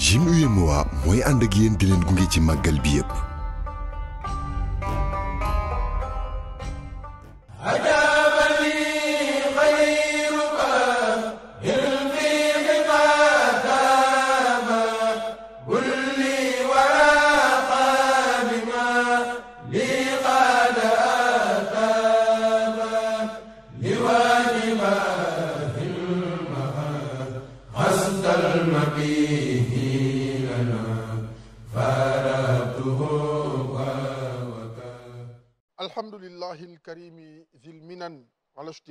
gym UMOA mooy ànd ak yéen di leen gunge ci màggal bi yëpp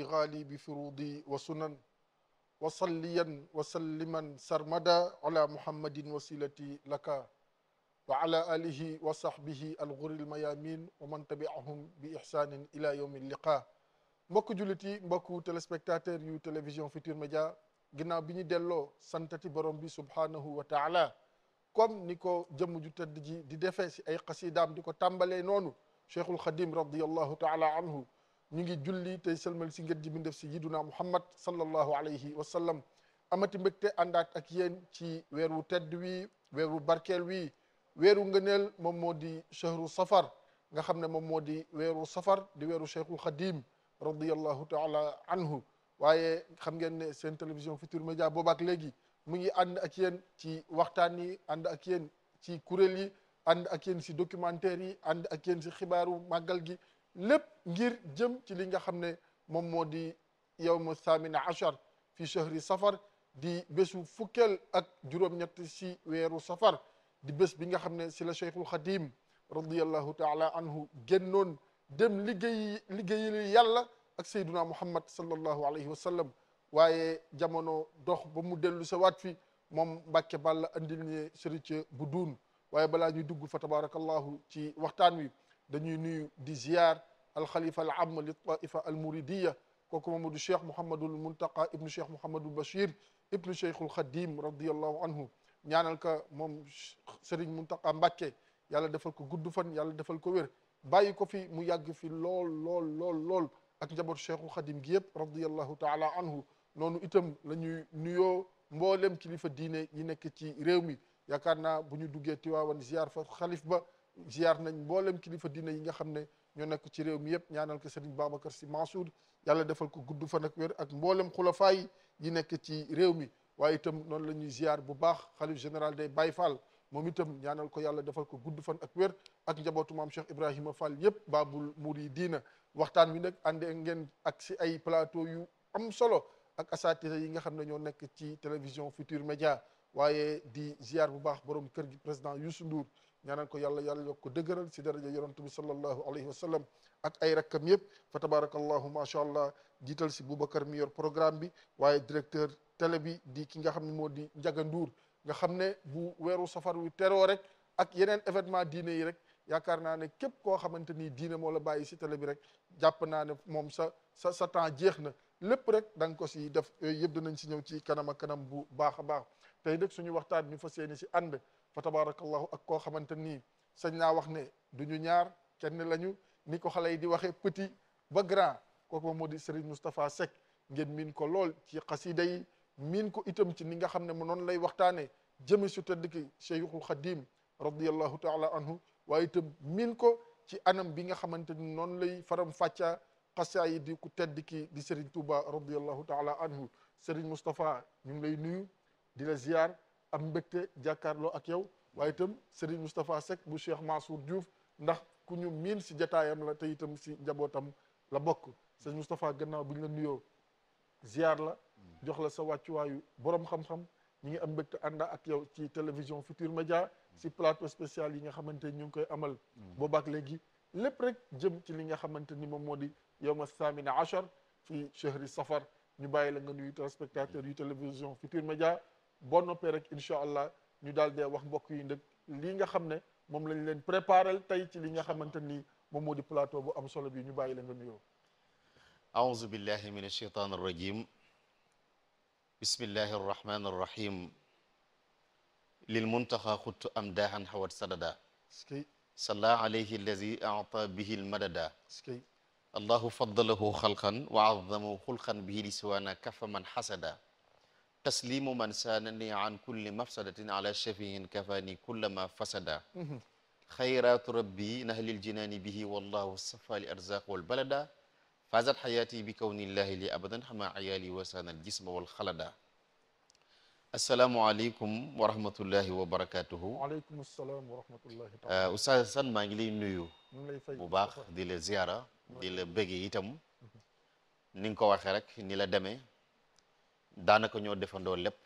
الغالي بفروضي وسنن وصليا وسلما سرمدا على محمد وسيلتي لك وعلى آله وصحبه الغر الميامين ومن تبعهم بإحسان إلى يوم اللقاء mbokku jullit yi mbokku téléspectateur yu télévision Futur Média ginnaaw bi ñu delloo santati borom bi subhaanahu wa taala comme ni ko jëmm ju tëdd ji di defee si ay xasidaam di ko tàmbalee noonu cheikhul xadim radiallahu taala anhu ñu ngi julli te sëlmal si ngeen ji bi def si yiduna muhammad sallallahu alayhi wa sallam amati mbégte àndaat ak yéen ci wu tedd wi weeru barkel wi weeru ngëneel moom moo di chahru safar nga xam ne moom moo di weeru safar di weeru cheikhul xadim radiallahu taala anhu waaye xam ngeen ne seen télévision Futurs Médias boobaak léegi mu ngi ànd ak yéen ci waxtaan yi ànd ak yéen ci kuréel yi ànd ak yéen si documentaire yi ànd ak yéen si xibaaru màggal gi lépp ngir jëm ci li nga xam ne moom moo di yawmu thamina achar fi chahri safar di bésu fukkeel ak juróom-ñett si weeru safar di bés bi nga xam ne si la cheikhul xadim radiallahu taala anhu génnoon dem liggéey liggéeyal yàlla ak sayduna muhammad sallallahu alayhi wa sallam waaye jamono dox ba mu dellu sawaat fi moom Mbàkke bal andil ne sëriñ bu duun waaye balaa ñuy dugg fa tabarakallahu ci waxtaan wi dañuy nuyu di ziar alxalifa al am li taifa al muridiya kooku Mamadou Cheikh Mouhamadul Muntaqa ibnu Cheikh Mouhamadul Bachir ibnu Cheikhul Khadim radiyallahu anhu ñaanal ka moom Serigne Muntaqa Mbacke yàlla defal ko gudd fan yàlla defal ko wér bàyyi ko fi mu yàgg fi lool lool lool lool ak njabootu Cheikhul Khadim gi yëpp radiyallahu taala anhu noonu itam la ñuy nuyoo mboolem kilifa diine yi nekk ci réew mi yaakaar naa bu ñu duggee Tiwaawan ziar fa xalif ba. ziar nañ mboolem kilifa diine yi nga xam ne ñoo nekk ci réew mi yëpp ñaanal ko Serigne Babacar Sy Mansour yàlla defal ko gudd fan ak wér ak mboolem xulafaay yi nekk ci réew mi waaye itam noonu la ñuy ziar bu baax xalif général day Baye Fall moom itam ñaanal ko yàlla defal ko gudd fan ak wér ak njabootu maam Cheikh Ibrahima Fall yëpp baabul muridiina waxtaan wi nag ànd ngeen ak si ay plateau yu am solo ak asatira yi nga xam ne ñoo nekk ci télévision Futur Média waaye di ziar bu baax borom kër gi président Youssou Ndour ñaanaan ko yàlla yàlla yokk ko dëgëral si daraja yonent bi sallallahu alayhi wa ak ay rakkam yëpp fa tabarakallahu macha allah jiital si Boubacar mi yor programme bi waaye directeur télé bi di ki nga xam ne moo di Ndiaga Ndour nga xam ne bu weeru safar wi teroo rek ak yeneen événement diine yi rek yaakaar naa ne képp koo xamante ni diine moo la bàyyi si télé bi rek jàpp naa ne moom sa sa sa temps jeex na lépp rek da ko si def yooyu yëpp dinañ si ñëw ci kanam kanam bu baax a baax tey nag suñu waxtaan ñu fas yéene si ànd fa tabarakallahu ak koo xamante nii sañ naa wax ne du ñu ñaar kenn lañu ni ko xale di waxee petit ba grand kooku moom moo di Serigne Moustapha Seck ngeen miin ko lool ci xasida yi miin ko itam ci ni nga xam ne mu noonu lay waxtaanee jëme su tedd ki Cheikhul Khadim radiyallahu taala anhu waaye itam miin ko ci anam bi nga xamante ni noonu lay faram fàccaa xasaa yi di ku tedd ki di Serigne Touba radiyallahu taala anhu Serigne Moustapha ñu ngi lay nuyu di la ziar. am mbégte jàkkaarloo ak yow waaye itam Serigne Moustapha Seck bu Cheikh Mansour Diouf ndax ku ñu miin si jataayam la te itam si njabootam la bokk Serigne Moustapha gannaaw bi ñu la nuyoo ziar la jox la sa wàccuwaayu borom xam-xam ñi ngi am mbégte ànda ak yow ci télévision Futur Média si plateau spécial yi nga xamante ni ñu ngi koy amal boobaak léegi lépp rek jëm ci li nga xamante ni moom moo di yow ma saamina achar fii chehri safar ñu bàyyi la nga nuyu téléspectateurs yu télévision Futur Média boo noppee rek incha allah ñu daal dee wax mbokk yi ndëg lii nga xam ne moom lañ leen préparel tey ci li nga xamante ni moom moo di plateau bu am solo bi ñu bàyyi la nga nuyoo aouzu billahi min alsheitan arrajim bismillahi arrahmani arrahim lil muntaxa xuttu am daahan xawat sadada salla alayhi allazi ata bihi almadada allahu faddalahu xalqan wa azamahu xulqan bihi liswaana kafa man xasada taslimu man sanani an kulli mafsadatin ala shafiin kafani kullama fasada xayratu rabbi nahlil jinaani bihi wallahu safa li arzaq wal balada fazat xayaati bi kawnillahi li abadan xama ayaali wasaana al jisma wal xalada asalaamualeykum wa rahmatullahi wa barakatuhu aleykum salaam wa rahmatullahi taala Oustaz Sane maa ngi lay nuyu bu baax di la ziara di la bëgge itam ni nga ko waxee rek ni la demee daanaka ñoo defandoo lépp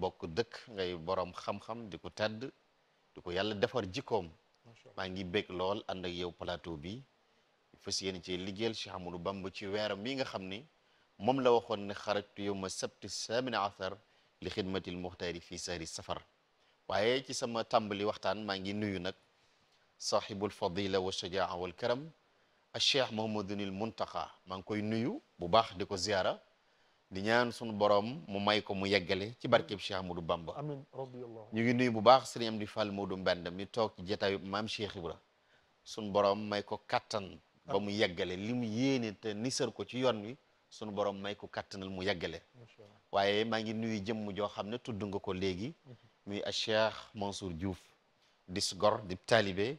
bokk dëkk ngay borom xam-xam di ko tedd di ko yàlla defar jikkoom maa ngi bég lool ànd ak yow plateau bi fas yéene ci liggéeyal Cheikh Ahmadou Bamba ci weeram wi nga xam ni moom la waxoon ne xarajtu yawma sabti samina asar li xidmatil muxtaari fii sahri safar waaye ci sama tàmbali waxtaan maa ngi nuyu nag sahibul fadila wa shajaa wal karam a cheikh Mouhamadoul Mountakha maa ngi koy nuyu bu baax di ko ziara di ñaan sunu borom mu may ko mu yeggale ci barkeb Cheikh Amadou Bamba amiin radiyallahu ñu ngi nuyu bu baax sëriñ Amdi Fall Modou Mbend mi toog ci jotaayu maam Cheikh Ibra sunu borom may ko kattan ba mu yeggale li mu yéene te ko ci yoon wi sunu borom may ko kattanal mu yeggale waaye maa ngi nuyu jëmm joo xam ne tudd nga ko léegi mhm. muy a Cheikh Mansour juuf di gor di taalibe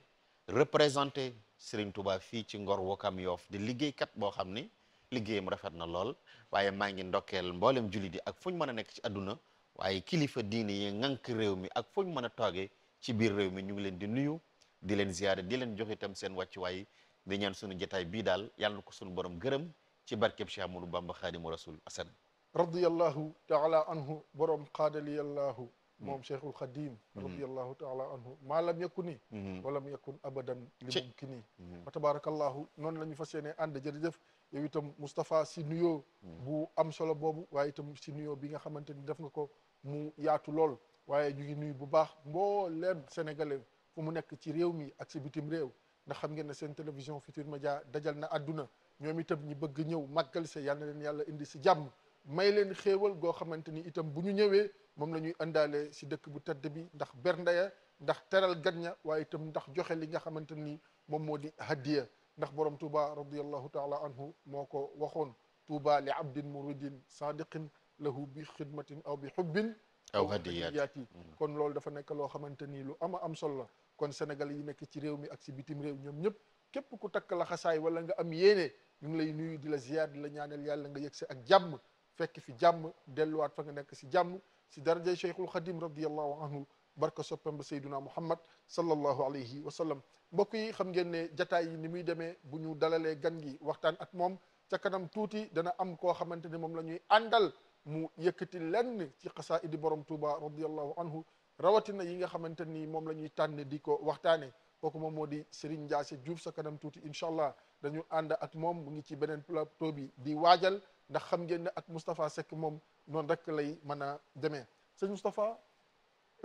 représenté Serigne Touba fii ci Ngor Wakam Yoof di liggéeykat boo xam ni liggéeyam rafet na lool waaye maa ngi ndokkeel mboolem jullit yi ak fu ñu a nekk ci àdduna waaye kilifa diine yi ŋànk réew mi ak fu ñu mën a toogee ci biir réew mi ñu leen di nuyu di leen ziyaare di leen jox itam seen wàccuwaay di ñaan sunu jotaay bii daal yàlla na ko sunu borom gërëm ci barkeb Cheikh Amadou Bamba Xaadimu Rasul asan radiyallahu taala anhu borom xaadaliyallahu hmm. moom cheikhul xadim hmm. radiallahu taala anhu maa lam yakuni hmm. walam yakun abadan li mumkini wa tabarakallahu noonu la ñu fas yéene ànd jërëjëf yow itam Moustapha si nuyoo hmm. bu am solo boobu waaye itam si nuyoo bi nga xamante ni def nga ko mu yaatu lool waaye ñu ngi nuyu bu baax mbooleem sénégalais fu mu nekk ci réew mi ak si bitim réew ndax xam ngeen ne seen télévision Futurs Médias dajal na àdduna ñoom itam ñi bëgg ñëw màggal se yal na leen yàlla indi si jàmm may leen xéewal goo xamante ni itam bu ñu ñëwee moom na ñuy àndaale si dëkk bu tëdd bi ndax berndeya ndax teral gat ña waaye itam ndax joxe li nga xamante ni moom moo di hadiya ndax borom tuuba radiallahu taala anhu moo ko waxoon tuuba li abdin muridin sadiqin lahu bi xidmatin aw bi xubbin aw hadiyaati mm-hmm. kon loolu dafa nekk loo xamante ni lu ama am solo la kon sénégal yi nekk ci réew mi ak si bitim réew ñoom ñëpp képp ku takk la xasaay wala nga am yéene ñu ngi lay nuyu di la ziyaar di la ñaanal yàlla nga yegg si ak jàmm fekk fi jàmm delluwaat fa nga nekk si jàmm si daraja cheikhul xadim radiallahu anhu barka soppam ba sayduna muhammad sallallahu alayhi wa sallam mbokk yi xam ngeen ne jataay yi ni muy demee bu ñu dalalee gan gi waxtaan ak moom ca kanam tuuti dana am koo xamante ne moom la ñuy àndal mu yëkkati lenn ci xasaa'idi borom tuuba radiallahu rawatina yi nga xamante ni moom la ñuy tànn di ko waxtaane kooku moom moo di Serigne Ndiassé Diouf sa kanam tuuti incha allah dañu ànd ak moom mu ngi ci beneen plateau bi di waajal ndax xam ngeen ne ak Moustapha Seck moom noonu rek lay mën a demee sëñ Moustapha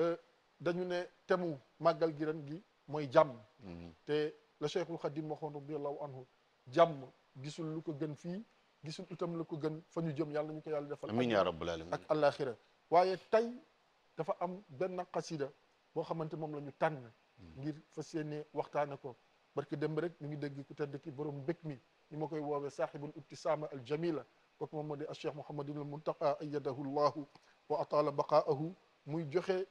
euh, dañu ne temu màggal gi ren gi mooy jàmm mhm. te la Cheikhul Khadim waxoon radiallahu anhu jàmm gisul lu ko gën fii gisul itam lu ko gën fa ñu jëm yàlla ñu ko yàlla defal amiin yaa rabbal alamin ak waaye tey dafa am benn xasida boo xamante moom la ñu tànn mhm. ngir fas yéene waxtaane ko barke dem rek ñu ngi dégg ku tedd ki borom mbég mi ñu ma koy woowee saaxibul ibtisaama al jamila kooku moom moo di a cheikh mouhamadinal muntaqa ayadahu llahu wa ataala baqaahu muy joxe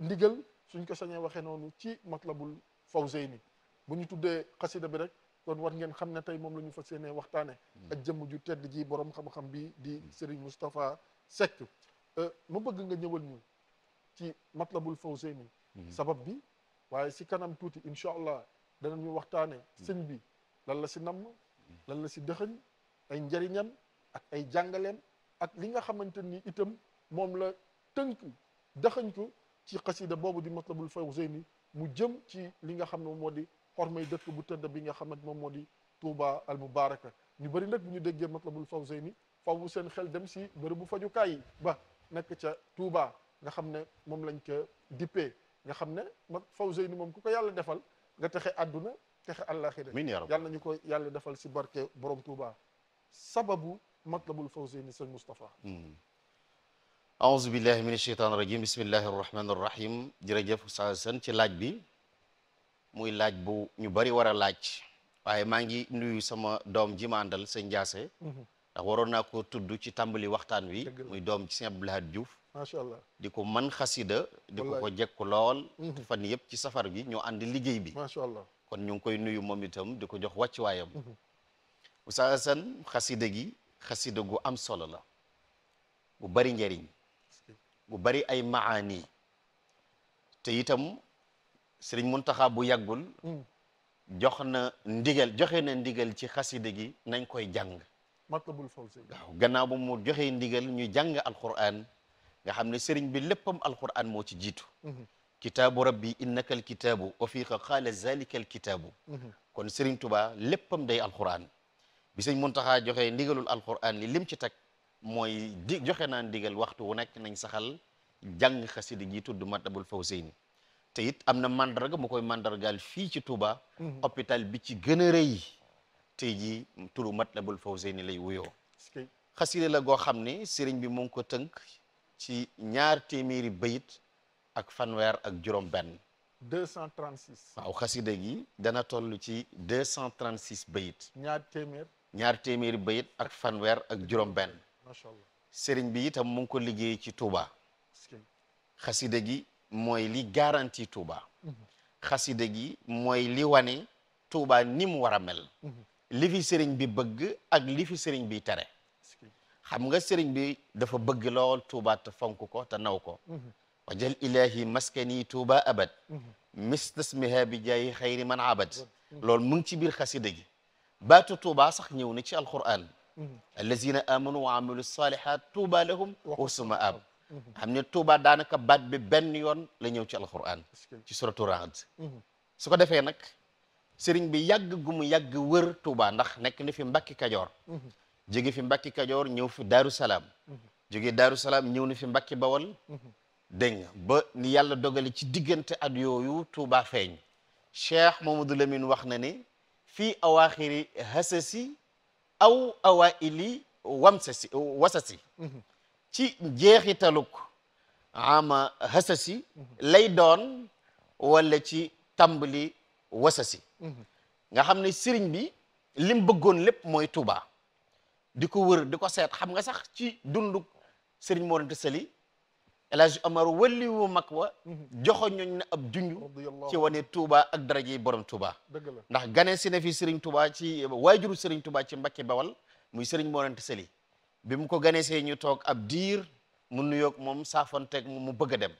ndigal suñ ko sañee waxee noonu ci matlabul fawzeyni bu ñu tuddee xasida bi rek kon war ngeen xam ne tey moom la ñu fa yéenee waxtaane ak hmm. jëmm ju tedd ji borom xam-xam bi di hmm. Serigne Moustapha Seck euh, mu bëgg nga ñëwal ñu ci matlabul fawzeyni hmm. sabab bi waaye si kanam tuuti incha allah danañu waxtaane sëñ bi lan la si nam lan la si dëxëñ ay njëriñam ak ay jàngaleem ak li nga xamante ni itam moom la tënk dëxëñ ko ci xasida boobu di matlabul fawzeyni mu jëm ci li nga xam ne moom moo di xormay dëkk bu tëdd bi nga xam xamante moom moo di Touba al Mubaraka ñu bari nag bu ñu déggee matlabul fawzeyni fawwu seen xel dem si bërëbu fajukaay yi ba nekk ca Touba nga xam ne moom lañ ka dippee nga xam ne mag fawzeyni moom ku ko yàlla defal nga texe àdduna texe àllaaxira yàlla nañu ko yàlla defal si barke borom Touba sababu matlabul fawzeyni seen Moustapha hmm. aousubillahi min asheytaan irajim bismillahi arrahmani irrahim jërëjëf sa sen ci laaj bi muy laaj bu ñu bari war a laaj waaye maa ngi nuyu sama doom ji ma àndal mhm. waroon naa ko tudd ci tàmbali waxtaan wi muy doom ci sëñ Abdoulahad Diouf macha allah di ko man xasida di ko ko lool mhm. fan yëpp ci safar bi ñoo ànd liggéey bi macha kon ñu ngi koy nuyu moom itam di ko jox wàccuwaayam mhm. Oustaz Assane xasida gi xasida gu am solo la bu bari njariñ gu bari ay maani te itam sëriñ Muntaxa bu yàggul mm. jox na ndigal joxe na ndigal ci xasida gi nañ koy jàng matlabul fawzi waaw gannaaw ba mu joxe ndigal ñu jàng alquran nga xam ne sëriñ bi léppam alquran moo ci jiitu mm-hmm. kitaabu rabbi innaka alkitaabu wa fiika qaala zalika alkitaabu mm-hmm. kon sëriñ Tuubaa léppam day alquran bi sëriñ Muntaxa joxe ndigalul alquran li lim ci teg mooy di joxe naa digal waxtu wu nekk nañ saxal jàng xasida gi tudd Matlabul Fawzayni te it am na mandarga mu koy mandargaal fii ci Touba. Mhm. hôpital bi ci gën a rëy tey jii turu Matlabul Fawzayni lay wuyoo. xasida la goo xam ne sëriñ bi mu ngi ko tënk ci ñaar téeméeri bayit ak fanweer ak juróom-benn. 236. waaw xasida gi dana toll ci 236 bayit. ñaar téeméer. ñaar téeméeri bayit ak fanweer ak juróom macha allah sëriñ bi itam mu ngi ko liggéey ci Touba. xasida gi mooy li garantie Touba. Mhm. xasida gi mooy li wane Touba ni mu war a mel. Mhm. lifi fi sëriñ bi bëgg ak li fi sëriñ bi tere. xam nga sëriñ bi dafa bëgg lool Touba te fonk ko te naw ko. Mhm. wajal maskani Touba abad. mistasmiha bi jaayi xayri man abad. loolu mu ngi ci biir xasida gi. baatu na ci alquran. Mm-hmm. allazina amanu wa amilu salihat tuuba lahum wa husnu maab mm-hmm. xam tuuba daanaka baat bi benn yoon la ñëw ci alquran ci suratu Raad mm-hmm. su ko defee nag sëriñ bi yàgg gu mu yàgg wër tuuba ndax nekk na fi mbakki kajoor jóge fi mbakki kajoor ñëw fi daaru salaam jóge salaam ñëw na fi mbakki bawol dégg nga ni yàlla dogale ci diggante at yooyu tuuba feeñ cheikh mamadou lamine wax na ne fii hasasi aw awaaili wamsasi wasasi mhm. ci njeexitaluk ama hasasi lay doon wala ci tàmbali wasasi mhm. nga xam ne sëriñ bi lim bëggoon lépp mooy Touba di ko wër di ko seet xam nga sax ci dunduk sëriñ Mor Anta Sali El Hadj Omar wëlliwu mag wa mhm. joxoon ñooñ na ab junj ci wane Touba ak daraje borom Touba ndax gane si na fi Serigne Touba ci waajuru Serigne Touba ci mbakki Bawal muy Serigne Moonante Sëli bi mu ko gane see ñu toog ab diir mu nuyoog moom saafonteeg mu bëgg a dem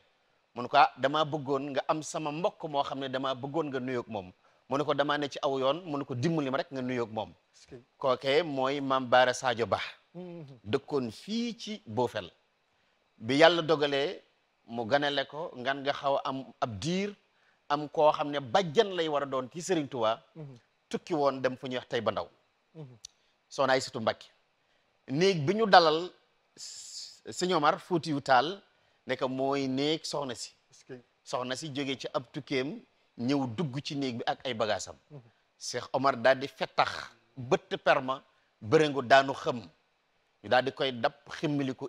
mu ne ko ah damaa bëggoon nga am sama mbokk moo xam ne damaa bëggoon nga nuyoog moom mu ne ko damaa ne ci aw yoon mu ne ko dimbali ma rek nga nuyoog moom kookee mooy Maam Baara Sadio Ba mhm. dëkkoon fii ci Bofel bi yàlla dogalee mu ganale ko ngan nga xaw a am ab diir am koo xam ne bajjan lay war a doon ci Serigne Touba. Mhm. tukki woon dem fu ñuy wax tey ba ndaw. Mhm. ay Aysatu Mbàkke néeg bi ñu dalal Sëñ Omar Fuutiyu Taal ne ko mooy néeg soxna si. soxna si jógee ci ab tukkeem ñëw dugg ci néeg bi ak ay bagaasam. Mhm. Cheikh Omar daal di fettax bëtt perma bërengu daanu xëm ñu koy dab ximmili ko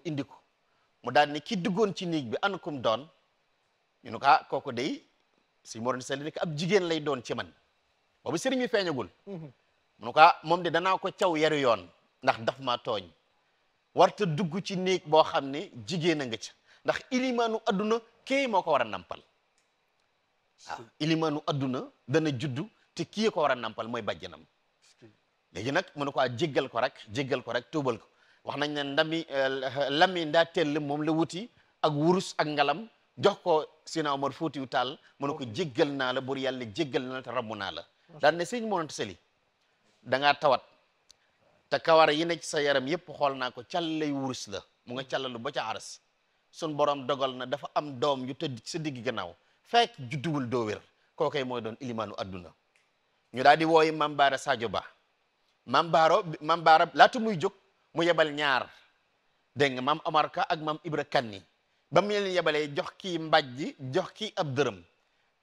mu daal ni ki duggoon ci néeg bi an kum doon ñu ne ko ah kooku day si Mor Sali ni ab jigéen lay doon ci man boobu sëriñ bi feeñagul. mu ne ko ah, moom de danaa ko caw yaru yoon ndax daf maa tooñ warta dugg ci néeg boo xam ne jigéen a nga ca ndax ilimaanu adduna kii moo ko war a nampal waaw ah, ilimaanu adduna dana juddu te kii ko war a nampal mooy bàjjanam léegi nag mu ne ko ah, jéggal ko rek jéggal ko rek tuubal ko wax nañ ne ndami eh, lami ndaa tell moom la wuti ak wurus ak ngalam jox ko Sina Omar Fuutiyu Taal mu ne ko jéggal naa la bur yàlla jéggal naa la te ramm naa la daan ne sëñ Sali da ngaa tawat te kawar yi ne ci sa yaram yëpp xool naa ko càllay wurus la mu nga càllalu ba ca aras sun borom dogal na dafa am doom yu tëdd sa digg gannaaw fekk judduwul doo wér kookay mooy doon ilimaanu adduna ñu daal di wooyi Mambaara Sadio Ba Mambaaro Mambaara laata muy jóg mu yebal ñaar dégg nga maam Omar Ka ak mam Ibra Kanni ba mu yebalee jox kii mbàjji jox kii ab dërëm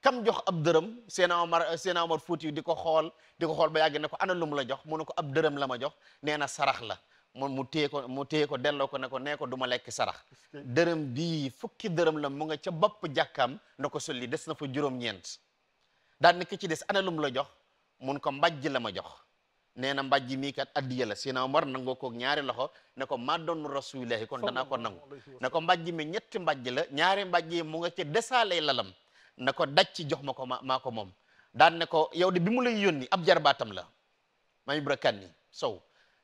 kam jox ab dërëm Seena Omar Seena Omar Fuuti di ko xool di ko xool ba yàgg ne ko ana lu mu la jox mu ne ko ab dërëm la ma jox nee na sarax la moom mu téye ko mu téye ko delloo ko ne ko nee ko du lekk sarax dërëm bii fukki dërëm la mu nga ca bopp jàkkaam na ko solli des na fa juróom-ñeent daan na ki ci des ana lum la jox mun ko mbàjj la ma jox nee na mbàjji mii kat addiya la sina Omar nangoo koog ñaari loxo ne ko maa doon rasulillahi kon danaa ko nangu ne ko mbàjji mi ñetti mbàjji la ñaari mbàjji mu nga ca desaalay lalam na ko daj ci jox ma ko ma maa ko moom daan ne ko yow de bi mu lay yónni ab jarbaatam la ma Ibra ni Sow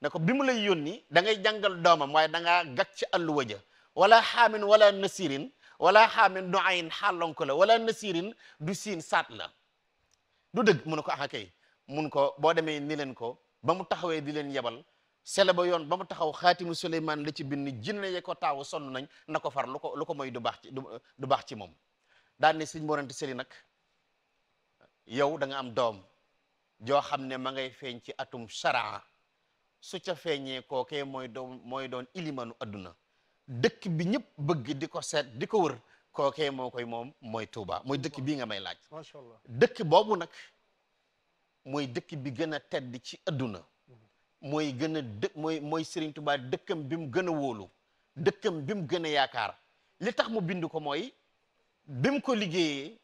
ne ko bi mu lay yónni da ngay jàngal doomam waaye danga ngaa gàc wala xaamin wala nasirin wala xaamin du ayin xaalonko la wala nasirin du siin saat la du dëgg mun ko axa kay mun ko boo demee ni ko ba mu taxawee di leen yebal sele ba yoon ba mu taxaw xaatimu Suleymaan la ci bind jinne ye ko taawu sonn nañ na ko far lu ko lu ko mooy du baax ci du baax ci moom daan ne sëñ Morante Sëli nag yow da nga am doom joo xam ne ma ngay feeñ ci atum sharaa su ca feeñee kookee mooy doon mooy doon ilimanu adduna dëkk bi ñëpp bëgg di ko seet di ko wër kookee moo koy moom mooy Touba mooy dëkk bii nga may laaj. macha allah dëkk boobu nag. mooy dëkk bi gën a tedd ci adduna mooy gën a mooy mooy Serigne Touba dëkkam bi mu gën a wóolu dëkkam bi mu gën a yaakaar li tax mu bind ko mooy bi ko liggéeye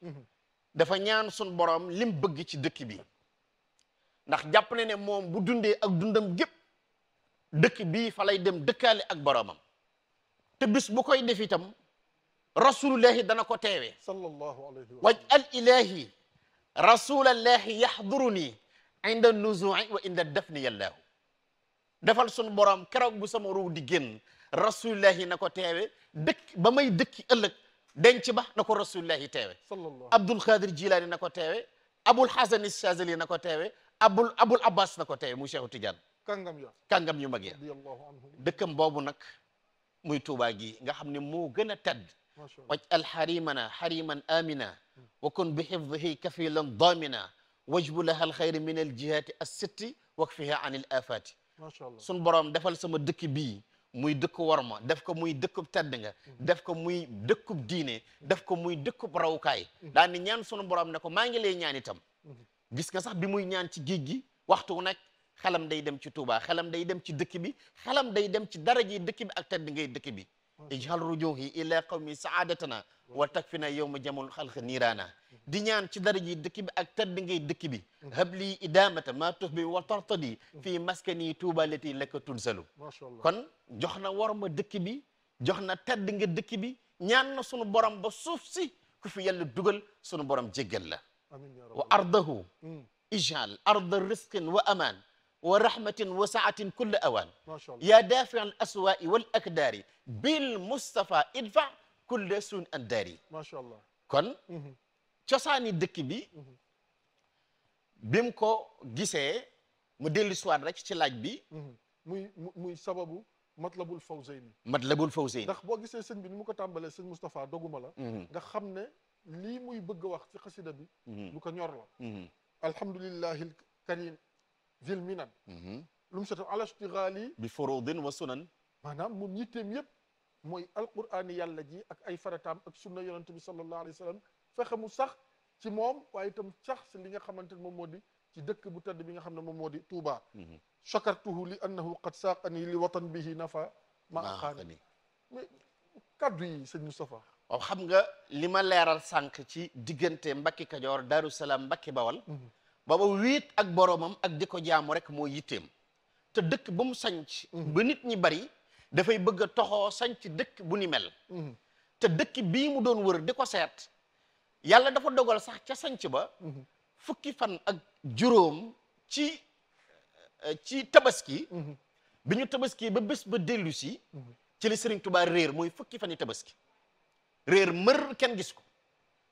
dafa ñaan sun borom lim bëgg ci dëkk bi ndax jàpp na ne moom bu dundee ak dundam gépp dëkk bi fa lay dem dëkkaale ak boromam te bis bu koy def itam rasulullahi dana ko teewee sallallahu alayhi waj al ilahi rasulallahi yahduruni inda nuzui wa inda dafni yallahu defal sunu borom keroog bu sama ruu di génn rasulullahi na ko teewe dëkk ba may dëkki ëllëg denc ba na ko rasulullahi teewe abdul xaadir jilaani na ko teewe abul xasan shazali na ko teewe abul abul abbas na ko mu muy cheikhu tidiane kàngam yu kàngam yu mag ya dëkkam boobu nag muy tuubaa gi nga xam ne moo gën a tedd waj al xarimana xariman amina wakun bi xifdihi kafilan damina wajbu laha alxayri min aljihati assitti wakfiha an il afati macha allah sun borom defal sama dëkk bii muy dëkk warma def ko muy dëkkub tedd nga mhm. def ko muy dëkkub diine mhm. def ko muy dëkkub rawukaay mhm. daal ni ñaan sunu borom ne ko maa ngi lay ñaan itam gis nga sax bi muy ñaan ci géej gi waxtu wu nekk xelam day dem ci Touba xelam day dem ci dëkk bi xelam day dem ci dara ji dëkk bi ak tedd ngay dëkk bi ijhal rujuhi ila qawmi saadatana wa takfina yowma jamul xalq niiraana di ñaan ci daraji dëkk bi ak tedd ngay dëkk bi habli idamata ma tuhbi wa tartadi fii maskani tuuba lati laka tunsalu kon jox na war ma dëkk bi jox na tedd nga dëkk bi ñaan na sunu borom ba suuf si ku fi yàlla dugal sunu borom jéggal la wa ardahu mm. ijhal arda risqin wa aman wa rahmatin wa saatin kulle awaan ya daafi al aswaa'i wal akdaari bil mustafa idfa kulle suun an daari macha allah kon mhm. cosaani dëkk bi mhm. bim ko gisee mu dellu siwaat rek ci laaj bi mhm. muy muy sababu matlabul fawzayni matlabul fawzayni ndax boo gisee sëñ bi ni mu ko tàmbalee sëñ Moustapha doguma la nga xam ne lii muy bëgg a wax ci xasida bi lu ko ñor la alhamdulillahi al karim zil minan mhm. lu mu sota ala istighali bi furudin wa sunan maanaam moom yitteem yëpp mooy alqur'aani yàlla ji ak ay farataam ak sunna yonent bi sallallahu alayhi wa sallam fexe mu sax ci moom waaye itam sax si li nga xamante ne moom moo di ci dëkk bu tedd bi nga xam ne moom moo di Touba chakartuhu mhm. li annahu qad saaqani li watan bihi nafa ma aqaani mais kaddu yi sëñ Moustapha waaw xam nga li ma leeral sànq ci diggante Mbacke Kajoor Daaru Salaam Mbacke Bawal mhm. ba ba wéet ak boromam ak di ko jaamu rek moo yitteem te dëkk ba mu sañc mhm. ba nit ñi bari dafay bëgg toxo toxoo sanc dëkk bu ni mel mhm. te dëkk bii mu doon wër di ko seet yàlla dafa dogal sax ca sanc ba mhm. fukki fan ak juróom ci euh, ci tabaski bi ñu tabaski ba bés ba dellusi si ci la Serigne Touba réer mooy fukki fan tabaski réer mër kenn gis ko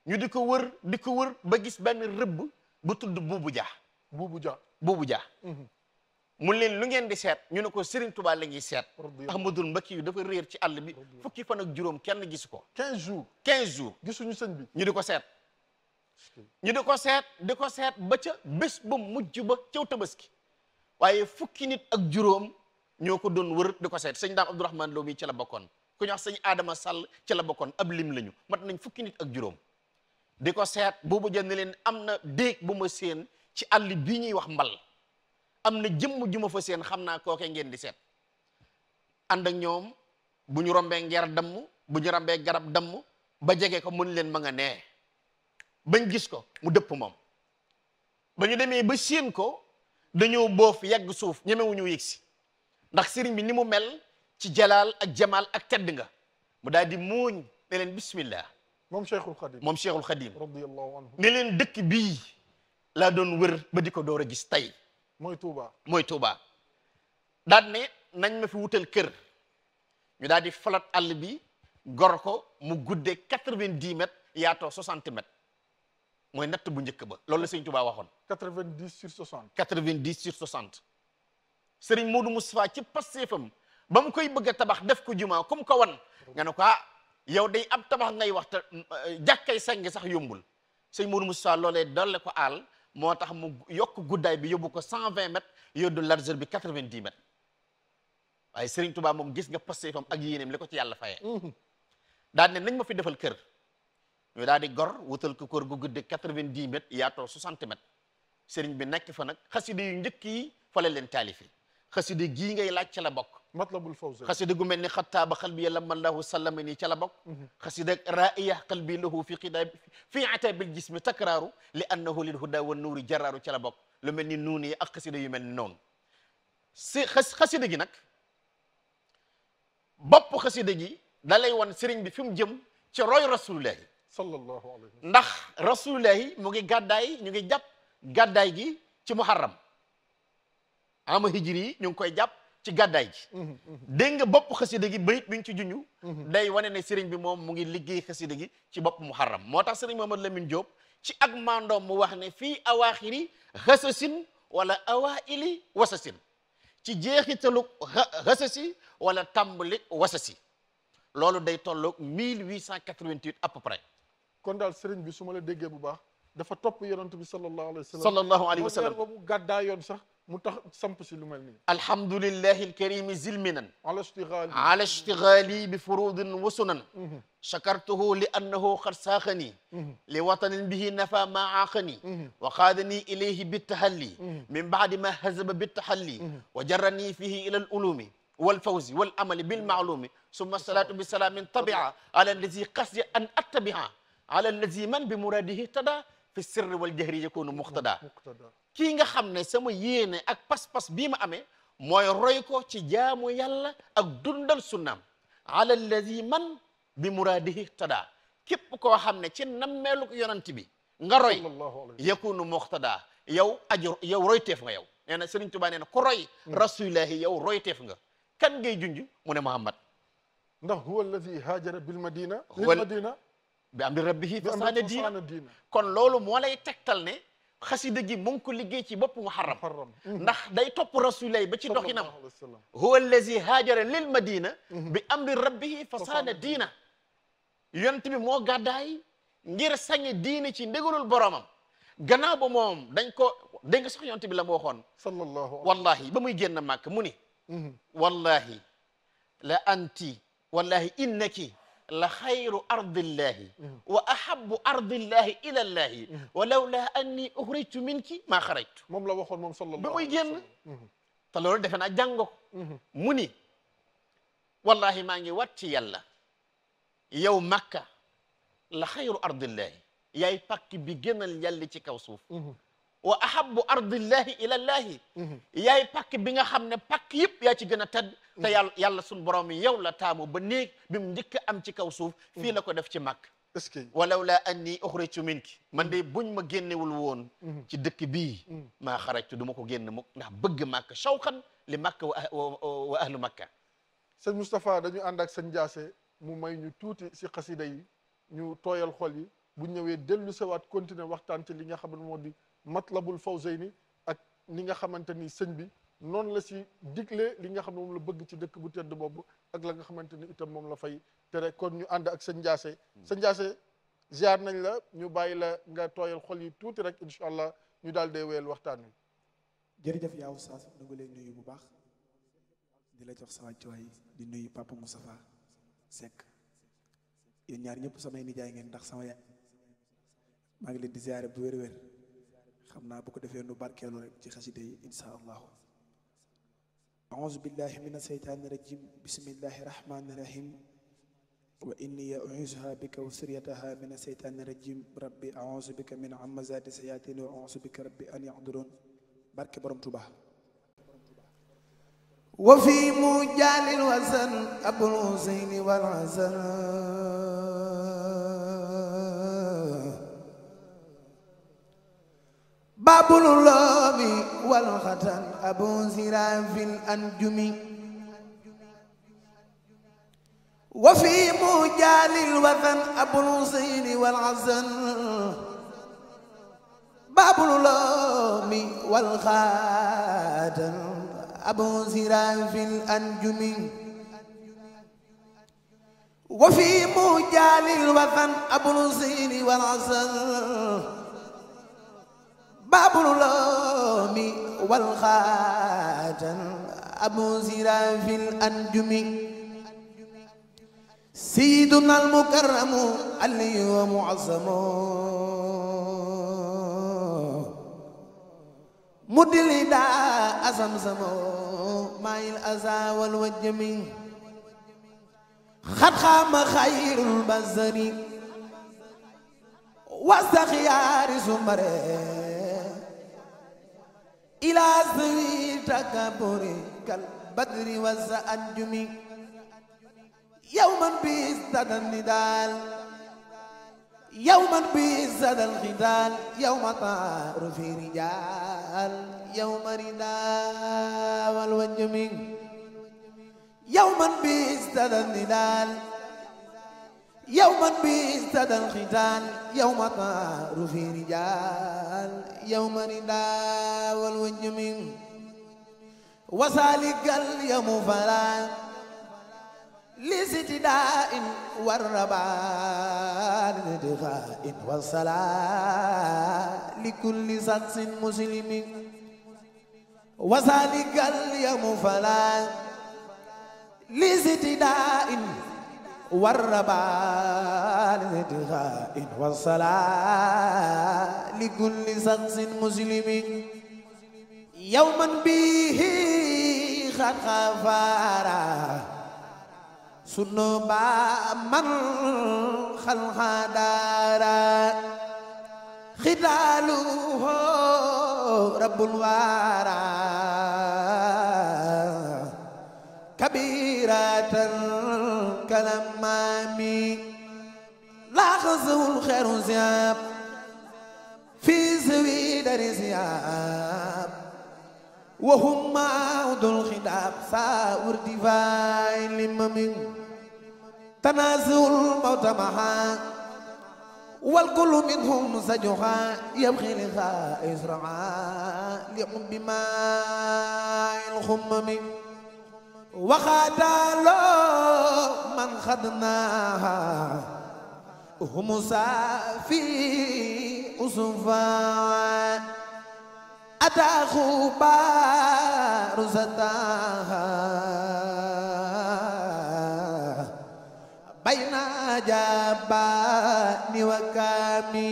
ñu di ko wër di ko wër ba gis benn rëbb bu tudd buubu jaa buubu jaa buubu jaa mu mhm. leen lu ngeen di seet ñu ne ko Serigne tubaal la ñuy seet Ahmadul Mbakki yu dafa réer ci àll bi fukki fan ak juróom kenn gis ko quinze jours quinze jours gisuñu sëñ bi ñu di ko seet ñu di ko seet di ko seet ba ca bés ba mujj ba caw tabaski waaye fukki nit ak juróom ñoo ko doon wër di ko seet sëñ daam Abdourahmane Lo mi ci la bokkoon ku ñu wax sëñ Adama Sall ci la bokkoon ab lim lañu mat nañ fukki nit ak juróom di ko seet boobu jënd leen am na déeg bu ma seen ci àll bii ñuy wax mball am na jëmm ju ma fa seen xam naa kooke ngeen di seet ànd ak ñoom bu ñu rombee ngeer damm bu ñu rombee garab damm ba jege ko mën leen ma nga nee bañ gis ko mu dëpp moom ba ñu demee ba seen ko dañoo boof yegg suuf ñemewuñu yëg si ndax sëriñ bi ni mu mel ci jalaal ak jamaal ak tedd nga mu daal di muuñ ne leen bismillah moom Cheikhul Khadim moom Cheikhul Khadim radiyallahu anhu ne leen dëkk bii laa doon wër ba di ko door a gis tey mooy Touba mooy Touba daan ne nañ ma fi wutal kër ñu daal di falat àll bi gor ko mu guddee quatre-vingt-dix mètres yaatoo soixante mètres mooy natt bu njëkk ba lool la sëñ Touba waxoon quatre-vingt-dix sur soixante quatre-vingt-dix sur soixante sëriñ Modou Moustapha ci passeefam ba mu koy bëgg a tabax def ko jumaa comme ko wan nga ne ko ah yow day ab tabax ngay wax te mm, euh, jàkkay sang sax yombul sëñ Mourou Moussa loole dolle ko aal moo tax mu yokk guddaay bi yóbbu ko cent vingt mètres yóbbu largeur bi quatre vingt dix mètres waaye Serigne Touba moom gis nga posté fam ak yéeneem li ko ci yàlla fayee. daal ne nañ ma fi defal kër ñu daal di gor wutal ko kër gu guddee quatre vingt dix mètres yaatoo soixante mètres Serigne bi nekk fa nag xaside yu njëkk yi fale leen taalifi xaside gii ngay laaj ca la bokk. matlabul fawz xasida gu mel ni xattaaba xalbiya lamma lahu sallama nii ca la bokk mhm. xasida raiya xalbi lahu fi xidaa fi atabil jismi takraaru li annahu lil huda wa nuuri jaraaru ca la bokk lu mel ni nuuni yi ak xasida yu mel ni noonu gi nag bopp xasida gi da wan sëriñ bi fi mu jëm ci roy rasulullahi sallallahu alayhi ndax rasulullahi mu ngi gàddaay ngi jàpp gàddaay gi ci muharram ama hijri yi koy jàpp ci gàddaay gi mhm, mhm. dégg nga bopp xasida gi bayit bi ñu ci junj mhm. day wane ne sëriñ bi moom mu ngi liggéey xasida gi ci bopp muharram moo tax sëriñ Mamadou Lamine Diop ci ak mandoom mu wax ne fii awaaxiri xasasin wala awaili wasasin ci jeexitalu xasasi wala tàmbali wasasi loolu day tolloog 1888 à peu près kon daal sëriñ bi su ma la déggee bu baax dafa topp yonent bi sallallahu alayhi wa sallam sallallahu alayhi wa sallam mu gàddaa yoon sax mu tax samp si lu mel nii alhamdulillahi alkarimi zilminan ala ishtigali ala ishtigali bi furudin wa sunan mhm. shakartuhu li annahu qad saaxani mhm. li watanin bihi nafa ma aaqani mhm. wa qaadani ilayhi bittahalli min baadi ma hazaba bittahalli wa jarrani fihi ila al ulumi والفوز والأمل بالمعلوم ثم الصلاة بسلام طبعا على الذي قصد أن أتبعا على الذي من بمراده تدا في السر والجهر يكون مقتدى kii nga xam ne sama yéene ak pas-pas bii ma amee mooy roy ko ci jaamu yàlla ak dundal sunnaam ala allazi man bi muraadihi tada képp ko xam ne ci nammeelu yonent bi nga roy yakunu muqtada yow aju yow royteef nga yow nee na Sëriñ Tuubaa nee na ku roy mm. rasulillahi yow royteef nga kan ngay junj mu ne Muhammad ndax huwa allazi haajara bil madina lil madina bi amri rabbihi fasaana diina kon loolu moo lay tegtal ne xasida gi mu ngi ko liggéey ci boppu bopp muharram mm-hmm. ndax day topp rasulay ba ci doxinam huwa allazi haajara lil madina mm-hmm. bi amri rabbihi fasaana diina yont bi moo gàddaay ngir sañe dina ci ndégalul boromam gannaaw ba moom dañ ko dégg nga sax yont bi la mu waxoon sallallahu wallahi ba muy génn màkk mu ni mm-hmm. wallahi la anti wallahi innaki la xayru ardillahi mm. wa ahabu ardillahi ila llahi mm. wa lawla anni uxrijtu minki maa xarajtu moom la waxoon moom sallallahu ba muy génn mm-hmm. te loolu defe naa jàngo mm-hmm. mu ni wallahi maa ngi wat ci yàlla yow makka la xayru ardillahi yaay pàkk bi gënal yàlla ci kaw suuf mm-hmm. wa ahabu ardillahi ila llahi yaay pàkk bi nga xam ne pàkk yëpp yaa ci gën a tedd te mm. yàlla yàlla suñu borom yow la taamu ba néeg bi mu njëkk am ci kaw suuf fii mm. la ko def ci màkk est-ce que walaw laa anni uxrijtu minki man de mm. buñ ma génnewul woon ci dëkk bi maa xarajtu du ma ko génn mukk ndax bëgg màkk shawqan li màkk wa ahlu makka sëñ Moustapha dañu ànd ak sëñ Jaase mu may ñu tuuti si xasida yi ñu tooyal xol yi bu ñëwee dellu sewaat continuer waxtaan ci li nga xam ne moo di matlabul fawzayni ak ni nga xamante ni sëñ bi noonu la si digle li nga xam ne moom la bëgg ci dëkk bu tedd boobu ak la nga xamante ni itam moom la fay tere kon ñu ànd ak sëñ Ndiassé hmm. sëñ Ndiassé nañ la ñu bàyyi la nga tooyal xol yi tuuti rek incha allah ñu daal dee wéyal waxtaan wi jërëjëf yaa Oustaz nu nuyu bu baax di la jox sa wàccuwaay di nuyu Papa Moustapha Seck yéen ñaar ñëpp samay nijaay ngeen ndax sama maa ngi leen di ziare bu wér xam naa bu ko defee nu barkeelu rek ci xaside yi incha allahu أعوذ بالله من الشيطان الرجيم بسم الله الرحمن الرحيم وإني أعوذها بك وسريتها من الشيطان الرجيم ربي أعوذ بك من همزات الشياطين وأعوذ بك ربي أن يحضرون بارك بروم توبا وفي مجال الوزن أبو الحسين والحسن والغتن أبو زراف الأنجم وفي مجال الوثن أبو الوصيل والعزن باب الألام والخاتم أبو زراف الأنجم وفي مجال الوثن أبو الوصيل والعزن باب الألام والخاتم أبو زراف الأنجم سيدنا المكرم علي ومعظم مدلي دا أزمزم ماء الأزا والوجم خد خام خير البزري وسخيار زمره ilaa sëri takaburi kal badri wasa anjumi yawman bi sadal nidaal yawman bi sadal xidaal yawma taaru fi rijaal yawma ridaawal wanjumi yawman bi sadal nidaal يوما بازداد الختان يوم طاروا في رجال يوم رداء والوجه من وسالك اليوم فلا لاستداء والربان لدغاء والصلاة لكل شخص مسلم وسالك اليوم فلا لاستداء والربا لدغاء والصلاة لكل شخص مسلم يوما به قد غفارا سنوب من خلق دارا خلاله رب الوارى كبيرة كلامي لاحظه الخير زياب في زوي دار زياب وهم عود الخطاب ساور ديفاي لمم تنازل الموت معا والكل منهم سجحا يبغي لغا إسرعا لحب ما الخمم waxaataaloo man xad naa humusa fi usufa ataaxu baaru sataaxa bayna jabaani wa kaami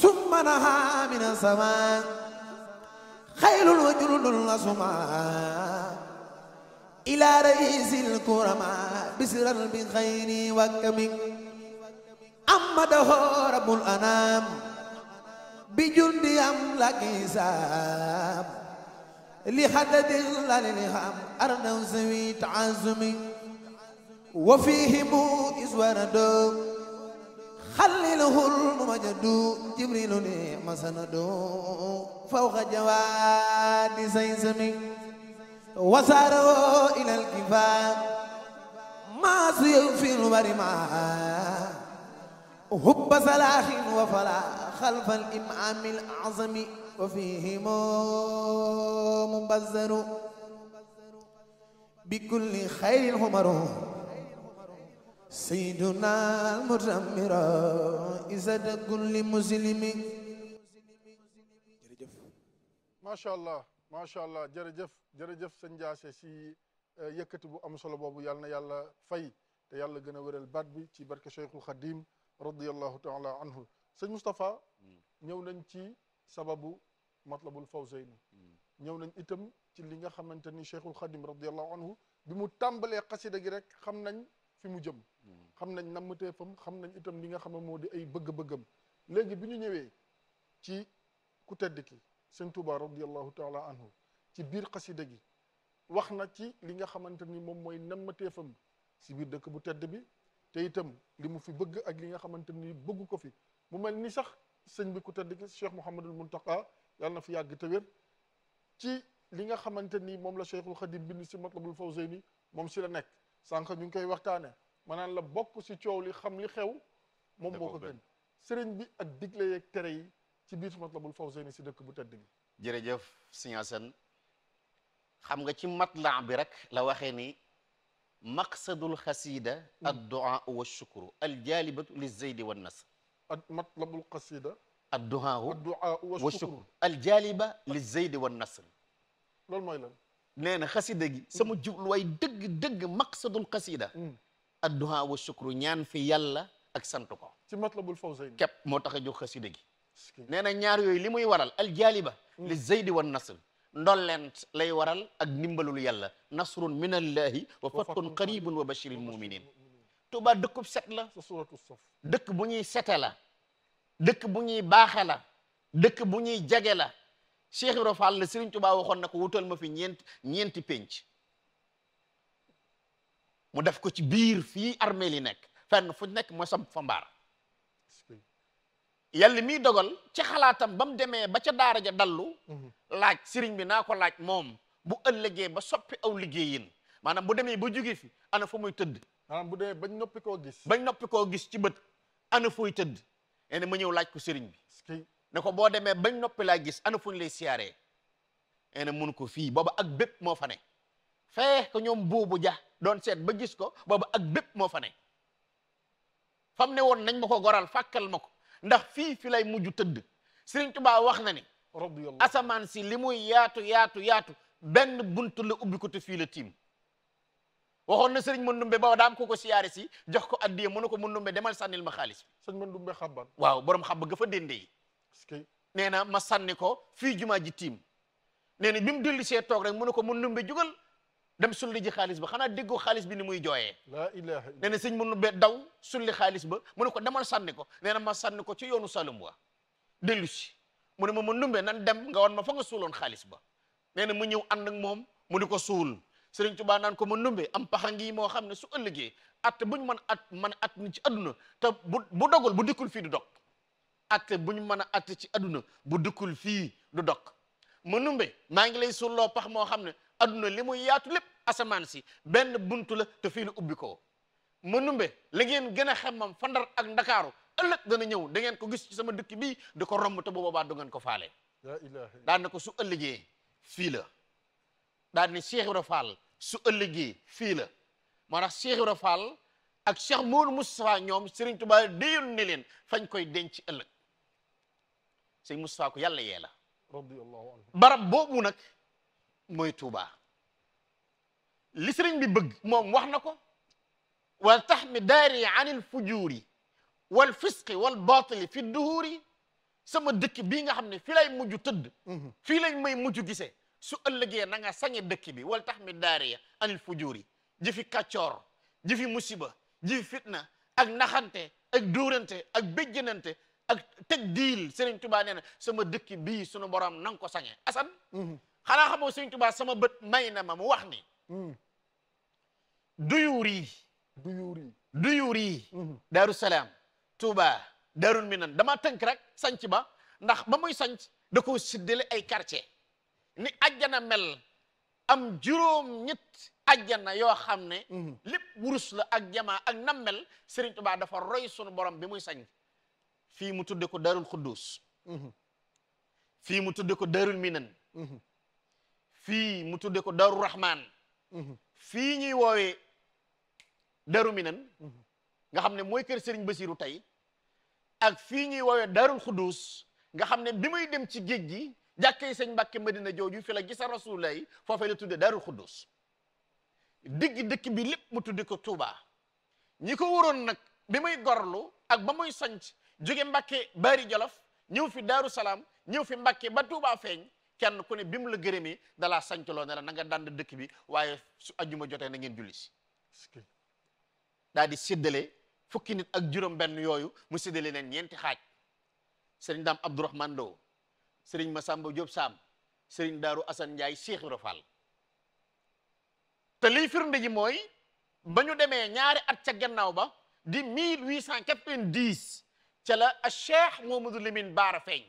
summa nahaa mina samaa xaylul wa juludul asuma إلى رئيس الكرماء بسرا بخير وكم أمده رب الأنام بجند أملاك حساب لحدد لا للهام أرنو زويت عزم وفيهم إذ وردوا خلله الممجد جبريل نعم سند فوق جواد زيزمي وساروا إلى الكفاء ما سيغ في الورما حب صلاح وفلا خلف الإمام الأعظم وفيهم مبزر بكل خير همر سيدنا المتمر إذا كل مسلم ما شاء الله ما شاء الله جرجف jërëjëf sëñ Ndiasse si euh, yëkkati bu am solo boobu yàlla na yàlla fay te yàlla gën a wéral baat bi ci barke Cheikhul Khadim radiyallahu taala anhu sëñ Moustapha mm. ñëw nañ ci sababu matlabul fawzayni mm. ñëw nañ itam ci li nga xamante ni Cheikhul Khadim radiyallahu anhu bi mu tàmbalee xasida gi rek xam nañ fi mu jëm mm. xam nañ nammateefam xam nañ itam li nga xam ne moo di ay bëgg-bëggam léegi bi ñu ñëwee ci ku tedd ki sëñ Touba radiyallahu taala anhu ci biir xasida gi wax na ci li nga xamante ni moom mooy nemmateefam si biir dëkk bu tedd bi te itam li mu fi bëgg ak li nga xamante ni bëgg ko fi mu mel ni sax sëñ bi ku tedd gi Cheikh Mouhamadul Mountakha yàlla na fi yàgg te wér ci li nga xamante ni moom la Cheikhul Khadim bind si Matlabul Fawzayni moom si la nekk sànq ñu ngi koy waxtaane maanaam la bokk si coow li xam li xew moom moo ko gën sëriñ bi ak digle yeeg tere yi ci biir Matlabul Fawzayni si dëkk bu tedd bi jërëjëf Sëñ xam nga ci matla bi rek la waxee ni maqsadul xasida hmm. adduaa wa shukru aljaalibatu lizzaydi wa nasr matlabul xasida adduaa wa shukru aljaaliba lizzaydi wa nasr loolu mooy lan nee na xasida gi sama jubluwaay dëgg dëgg maqsadul xasida hmm. adduaa wa shukru ñaan fi yàlla ak santu ko ci matlabul fawzayni képp moo tax a jóg xasida gi nee na ñaar yooyu li muy waral aljaaliba hmm. lizzaydi wa nasr ndollent lay waral ak ndimbalul yàlla nasrun min allahi wa fathun qaribun wa bashiril muminin Tuuba dëkkub set la dëkk bu ñuy sete la dëkk bu ñuy baaxe la dëkk bu ñuy jage la Cheikh Ibra Fall la waxoon na ko wutal ma fi ñeent ñeenti pénc mu def ko ci biir fii armée li nekk fenn fu nekk moo sam fa mbaar yàlla miy dogal ci xalaatam ba mu demee ba ca daara ja dallu mhm. laaj sëriñ bi naa ko laaj moom bu liggéey ba soppi aw liggéeyin maanaam bu demee ba jóge fi ana fa muy tëdd maanaam bu demee bañ noppi koo gis bañ noppi gis ci bët ana fuy tëdd nee na ma ñëw laaj ko sëriñ bi ne ko boo demee bañ noppi laa gis ana fuñ lay siyaaree nee mun ko fii booba ak bépp moo fa ne fee ñoom buubu ja doon seet ba gis ko booba ak bépp moo fa ne fam ne woon nañ ma ko goral fàkkal ma ko ndax fii fi lay mujj tëdd Sëriñ Tuubaa wax na ni asamaan si li muy yaatu yaatu yaatu benn bunt la ubbi ko te fii la tiim waxoon na sëriñ Mandumbe ba daam ko ko siyaare si jox ko addiya mu ne ko Mandumbe demal sànnil ma xaalis bi sëriñ Mandumbe xabban waaw borom xabba ga fa dende nee na ma sànni ko fii jumaa ji tiim nee na bi mu dellu see toog rek mu ne ko Mandumbe jugal dem sulli ji xaalis ba xanaa déggoo xaalis bi ni muy jooyee la ilaha nee sëñ mënu be daw sulli xaalis ba mu ne ko demal sànni ko nee na ma sànni ko ci yoonu Saloum wa dellu si mu ne ma ma numbe nan dem nga wan ma fa nga suuloon xaalis ba nee mu ñëw ànd ak moom mu di ko suul Sëriñ Tuubaa naan ko ma numbe am paxa ngi moo xam ne su ëllëgee at buñ mën at mën at ni ci adduna te bu bu dogul bu dikkul fii du dog at buñ mën a at ci adduna bu dikkul fii du dog ma numbe maa ngi lay suulloo pax moo xam ne adduna li muy yaatu lépp asamaan si benn buntu la te fii la ubbi ko mënumbe la ngeen gën a xemmam fa Ndar ak Ndakaaru ëllëg dana ñëw dangeen ko gis ci sama dëkk bii da ko romb te bu boobaa ko faale daan na ko su ëllëgee fii la daan ni Cheikh Ibra Fall su ëllëgee fii la moo tax Cheikh ak Cheikh Mourou Moustapha ñoom Serigne Touba déyoon ne leen fañ koy denc ëllëg sëñ Moustapha ko yàlla yee la barab boobu nag mooy Touba li sëriñ bi bëgg moom wax na ko wal taxmi daari an il fujuuri wal fisqi wal baatili fi duhuuri sama dëkk bii nga xam ne fii lay mujj tëdd mhm. fii lañ may mujj gisee su ëllëgee nanga nga sañe dëkk bi wal taxmi daari an il fujuuri jëfi kàccoor jëfi musiba jëfi fitna ak naxante ak dóorante ak béjjanante ak teg diil sëriñ Tuubaa nee na sama dëkk bii sunu borom na ko sañe asan mhm. xanaa xamoo sëñ Tuubaa sama bët may na ma mu wax ni duyuuri hmm. duyuuri duyuuri hmm. daaru salaam Touba daarul minan dama tënk rek sanc ba ndax ba muy sanc da koo siddale ay quartier ni ajjana mel am juróom ñett ajjana yoo xam ne hmm. lépp wurus la ak jamaa ak nammel Serigne Touba dafa roy sunu borom bi muy sanc fi mu tudde ko daarul xuddus mu tudde ko daarul minan fii mu tudde ko daru rahman mhm. fii ñuy woowe daru minan mhm. nga xam ne mooy kër Serigne Basiru tey ak fii ñuy woowe darul xudus nga xam ne bi muy dem ci géej gi jàkkee sëñ Mbàkke Madina jooju fi la gisa rasulullah yi foofee la tudde darul xudus digg dëkk bi lépp mu tudde ko Touba ñi ko waroon nag bi muy gorlu ak ba muy sanc jóge Mbàkke Bari Jolof ñëw fi Daaru Salaam ñëw fi mbakke ba Touba feeñ kenn ku ne bi mu la gërëmee dalaa sancaloo ne la na nga dànd dëkk bi waaye su ajjuma jotee na ngeen julli di séddale fukki nit ak juróom benn yooyu mu séddale leen ñeenti xaaj sëriñ daam abdourahman Lo sëriñ Masamba job Sam sëriñ daaru Assane Ndiaye Cheikh Ibra Fall te liy firnde ji mooy ba ñu demee ñaari at ca gannaaw ba di 1890 ca la Cheikh Mouhamadou Lamine Baara feeñ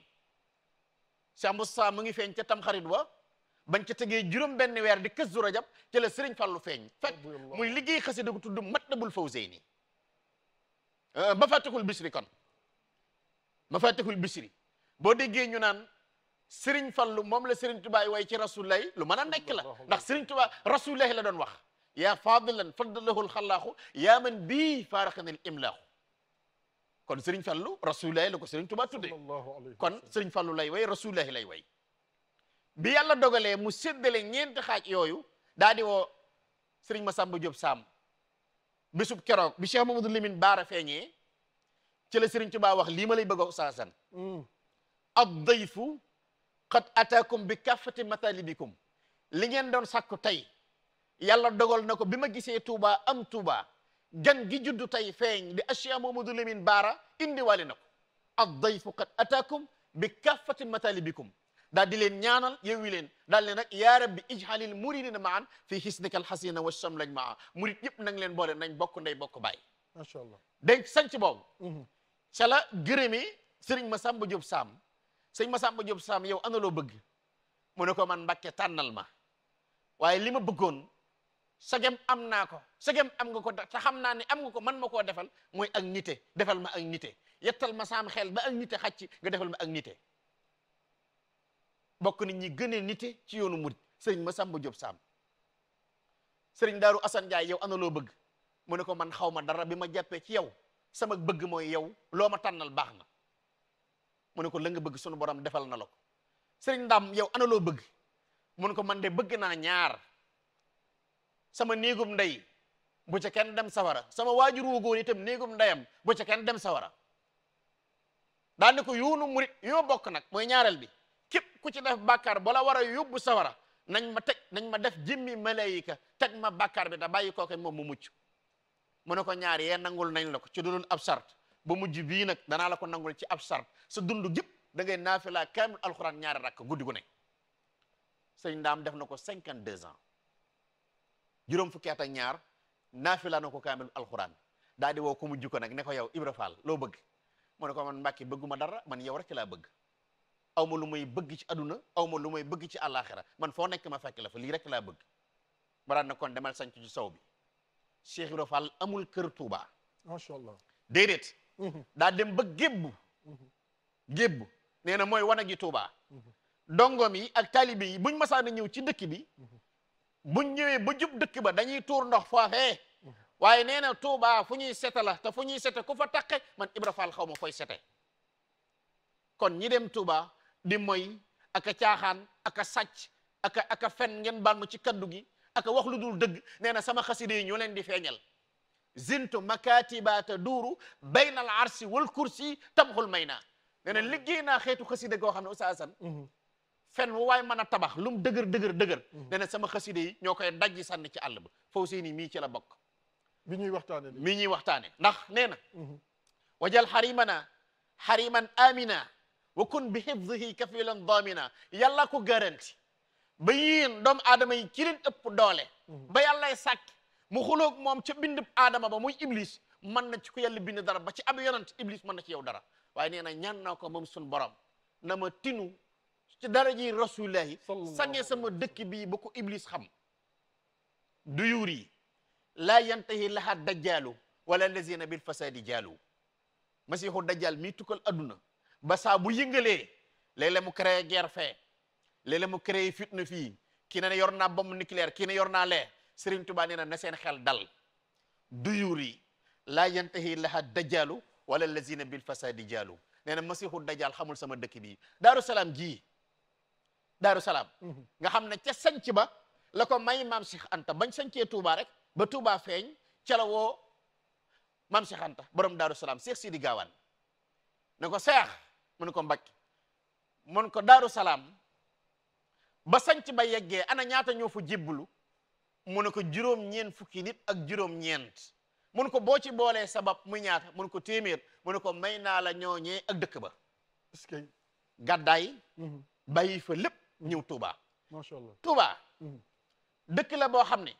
Cheikh Moussa mu ngi feeñ ca tamxarit wa bañ ca tegee juróom benn weer di kës du rajab ci la Serigne Fallou feeñ fekk muy liggéey xasida gu tudd Matlabul Fawzeyni ba euh, fàttakul bisri kon ma fàttakul bisri boo déggee ñu naan Serigne Fallou moom la Serigne Touba way ci rasulullahi lu mën a nekk la ndax Serigne Touba rasulullahi la doon wax yaa fadilan faddalahu alxalaaxu yaa man bii faaraxanil imlaaxu kon Serigne Fallou rasulullahi la ko Serigne Touba tuddee kon Serigne Fallou lay way rasulullahi lay way bi yàlla dogalee mu séddale ñeenti xaaj yooyu daa di woo Serigne Massamba Diop Sam bésub keroog bi Cheikh Mamadou Limine Baara feeñee ci la Serigne wax lii ma lay bëgg a saasan mm. ad dayfu qad ataakum bi kaffati matalibikum li ngeen doon sàkku tey yàlla dogal na ko bi ma gisee Touba am Touba gan gi juddu tey feeñ di Cheikh Mamadou Lamine Baara indi wàlle na ko ad-dayfu qad ataakum bi kaffati matalibikum daal di leen ñaanal yeewi leen daal leen rek yaa rabbi ijhalil muridina maan fi hisnika alhasina wa shamlañ maa murid yëpp nañ leen boole nañ bokk ndey bokk baay macha allah dañ sanc boobu mhm. ca la gërëmi sëriñ Masamba Diop Sam ma Masamba job Sam yow ana loo bëgg mu ne ko man Mbàkke tànnal ma waaye li ma bëggoon sagem am naa ko sagem am nga ko te xam naa ne am nga ko man ma koo defal mooy ak nite defal ma ak nite yettal ma saam xel ba ak nite xacc nga defal ma ak bokk na ñi gënee nite ci yoonu murit sëriñ Masamba Diop Sam sëriñ Daaru Asan Njaay yow ana loo bëgg mu ne ko man xaw ma dara bi ma jàppee ci yow sama bëgg mooy yow loo ma tànnal baax na mu ne ko la bëgg sunu borom defal na la ko sëriñ Ndam yow ana loo bëgg mu ne ko man de bëgg naa ñaar sama néegum ndey bu ca kenn dem sawara sama waajur wu góor itam néegum ndeyam bu ca kenn dem sawara daal ni ko yoonu murit yoo bokk nag mooy ñaareel bi képp ku ci def bàkkaar bala war a yóbbu sawara nañ ma teg nañ ma def jëmmi malayika teg ma bàkkaar bi da bàyyi kooke moom mu mucc mu ne ko ñaar yee nangul nañ la ko ci dulul ab sart ba mujj bii nag danaa la ko nangul ci ab sart sa dund gépp da ngay naafilaa kaamil alxuraan ñaari rakk guddi gu ne sëñ daam def na ko cinquante deux ans juróom fukki at ak ñaar naafila na ko kaamel alxuraan daal di woo ko mujj ko nag ne ko yaw Ibra Fall loo bëgg mu ne ko man Mbàkke bëgguma dara man yow rek laa bëgg aw ma lu may bëgg ci aduna aw ma lu may bëgg ci àllaaxira man foo nekk ma fekk la fa lii rek laa bëgg maraat na kon demal sanc ci sow bi Cheikh Ibra Fall amul kër Touba. macha allah déedéet. Mhm. daa dem ba gébbu. Mhm. gébbu nee na mooy wanag yi Touba. Mhm. dongoom yi ak taalibe yi buñ masaana ñëw ci dëkk bi. buñ ñëwee ba jub dëkk ba dañuy tuur ndox foofee waaye nee na Tuuba fu ñuy sete la te fu ñuy sete ko fa taqe man Ibra Fall xaw ma fooy sete kon ñi dem Tuuba di moy aka caaxaan aka sàcc aka aka fen ngeen baal ma ci kaddu gi aka wax lu dul dëgg nee na sama xasida yi ñoo leen di feeñal zintu makatiba ta duuru bayna al arsi wal kursi tamxul may naa nee liggéey naa xeetu xasida goo xam ne Oustaz fen wu waay a tabax lum dëgër dëgër dëgër hmm. dana sama xaside yi ñoo koy dajji sànni ci àll ba faw sey mii ci la bokk mi ñuy waxtaane mi ñuy waxtaane ndax nee na hmm. wajal xarimana xariman amina wa kun bi hifzihi kafilan damina yàlla ko garanti ba yéen doomu aadama yi ci leen ëpp doole hmm. ba yàllay sàkk mu xuloog moom ca bind adama ba muy iblis mën na ci ku yàlla bind dara ba ci ab yonant iblis mën na ci yow dara waaye nee na ñaan naa ko moom sun borom na ma tinu ci daraji rasulillahi sange sama dëkk bi ba iblis xam du yuur yi laa yantahi laha dajjaalu wala lazina bil fasadi jaalu masiixu dajjal mii tukkal adduna ba saa bu yëngalee léeg-léeg mu créé guerre fee léeg-léeg mu créé fitna fii kii na yor naa bombe nucléaire kii ne yor naa lee Serigne ba nee na na seen xel dal du yuur yi laa yantahi laha dajjaalu wala lazina bil fasadi jaalu nee na masiixu dajal xamul sama dëkk bii daaru salaam daaru salaam mhm. nga xam ne ca sanc ba la ko may maam Cheikh Anta bañ sancee Touba rek ba Touba feeñ ca la woo maam Cheikh Anta borom daaru salaam Cheikh Sidi Gaawaan ne ko seex mu ne ko mbak mun ko daaru salaam ba sanc ba yeggee ana ñaata ñoo fu jibblu mu ne ko juróom-ñeent fukki nit ak juróom-ñeent mun ko boo ci boolee sabab muy ñaata mun ko téeméer mu ne ko may naa la ñooñee ak dëkk ba gàddaay mhm. bay fa lépp ñëw Touba. macha allah mm-hmm. dëkk la boo xam ne.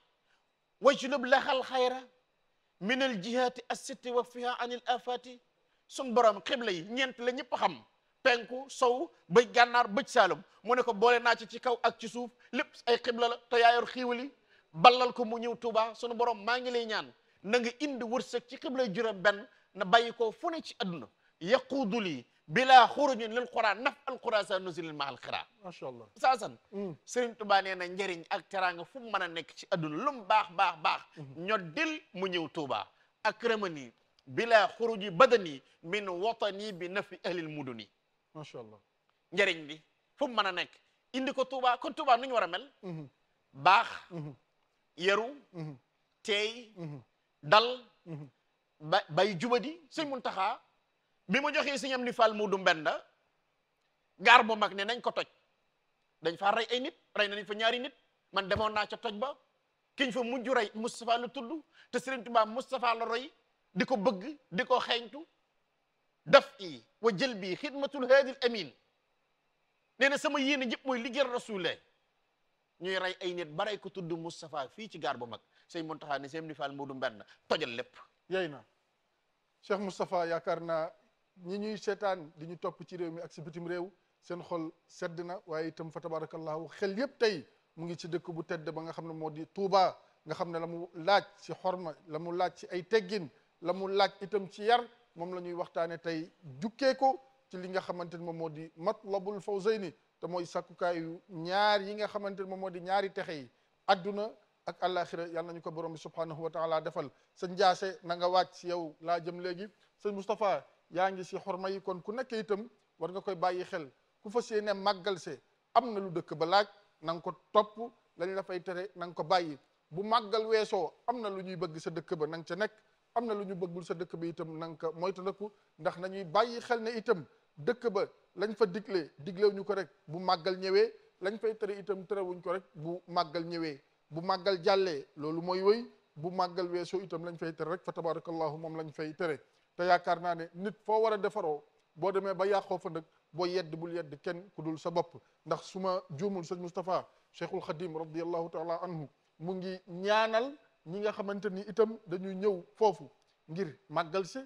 wajlub laxal xayra min al jihaati assitti wa fiha an il sun borom xibla ñeent la ñëpp xam penku sow bëj gànnaar bëj saalum mu ne ko boole naa ci ci kaw ak ci suuf lépp ay xibla la te yaayor xiiwali ballal ko mu ñëw Touba sunu borom maa ngi lay ñaan na nga indi wërsëg ci xibla juróom benn na bàyyi ko fu ci àdduna yaquudu lii bila xurujin lil quran naf al quran sa nusilin ma al xira macha allah saasan hmm. sëriñ tubaa nee ak teraanga fu mu mën a nekk ci adduna lum baax baax baax hmm. ñoddil mu ñëw tuubaa akramani bila xuruji badani min watani bi nafi ahlil muduni macha allah njëriñ bi fu mën a nekk indi ko tuubaa kon tuubaa nu ñu war a mel hmm. baax yaru teey dal ba bay jubadi sëñ Muntaxa bi mu joxee sëñ Amdi Fall Moodu Mbenda gaar bu mag ne nañ ko toj dañ faa rey ay nit rey nañ fa ñaari nit man demoon naa ca toj ba kiñ fa mujj rey Moustapha la tudd te Sëriñ Tuubaa Moustapha la roy di ko bëgg di ko xeeñtu daf i wa jël bii xidmatul haadil amin ne na sama yéene yëpp mooy liggéeyal Rasulullah ñuy rey ay nit barey ko tudd Moustapha fii ci gaar bu mag sëñ Muntaxa ne sëñ Amdi Fall Moodu lépp yay na ñi ñuy seetaan di ñu topp ci réew mi ak si bitim réew seen xol sedd na waaye itam fa tabarakallahu xel yëpp tey mu ngi ci dëkk bu tedd ba nga xam ne moo di Touba nga xam ne la mu laaj si ci xorma la mu laaj si ay teggin la mu laaj itam si yar moom la ñuy waxtaane tey jukkee ko ci li nga xamante ne moom moo di matlabul fawzayni te mooy sàkkukaayu ñaar yi nga xamante ne moom moo di ñaari texe yi adduna ak àllaaxira yal nañu ko borom bi subhanahu wa taala defal sëñ Jaase na nga wàcc yow laa jëm léegi sëñ Moustapha yaa ngi si xorma yi kon ku nekk itam war nga koy bàyyi xel ku fas yéene màggal see am na lu dëkk ba laaj nang ko topp lañ la fay tere na ko bàyyi bu màggal weesoo am na lu ñuy bëgg sa dëkk ba nang nga nekk am na lu ñu bëggul sa dëkk ba itam nang ko na nga ko ndax na ñuy bàyyi xel ne itam dëkk ba lañ fa diglee diglewuñu ko rek bu màggal ñëwee lañ fay tere itam terewuñ ko rek bu màggal ñëwee bu màggal jàllee loolu mooy woy bu màggal weesoo itam lañ fay tere rek fa tabarakallahu moom lañ fay tere te yaakaar naa ne nit foo war a defaroo boo demee ba yàqoo fa nag boo yedd bul yedd kenn ku dul sa bopp ndax su ma juumul sëñ Moustapha Cheikhul Khadim radiallahu taala anhu mu ngi ñaanal ñi nga xamante ni itam dañu ñëw foofu ngir màggal si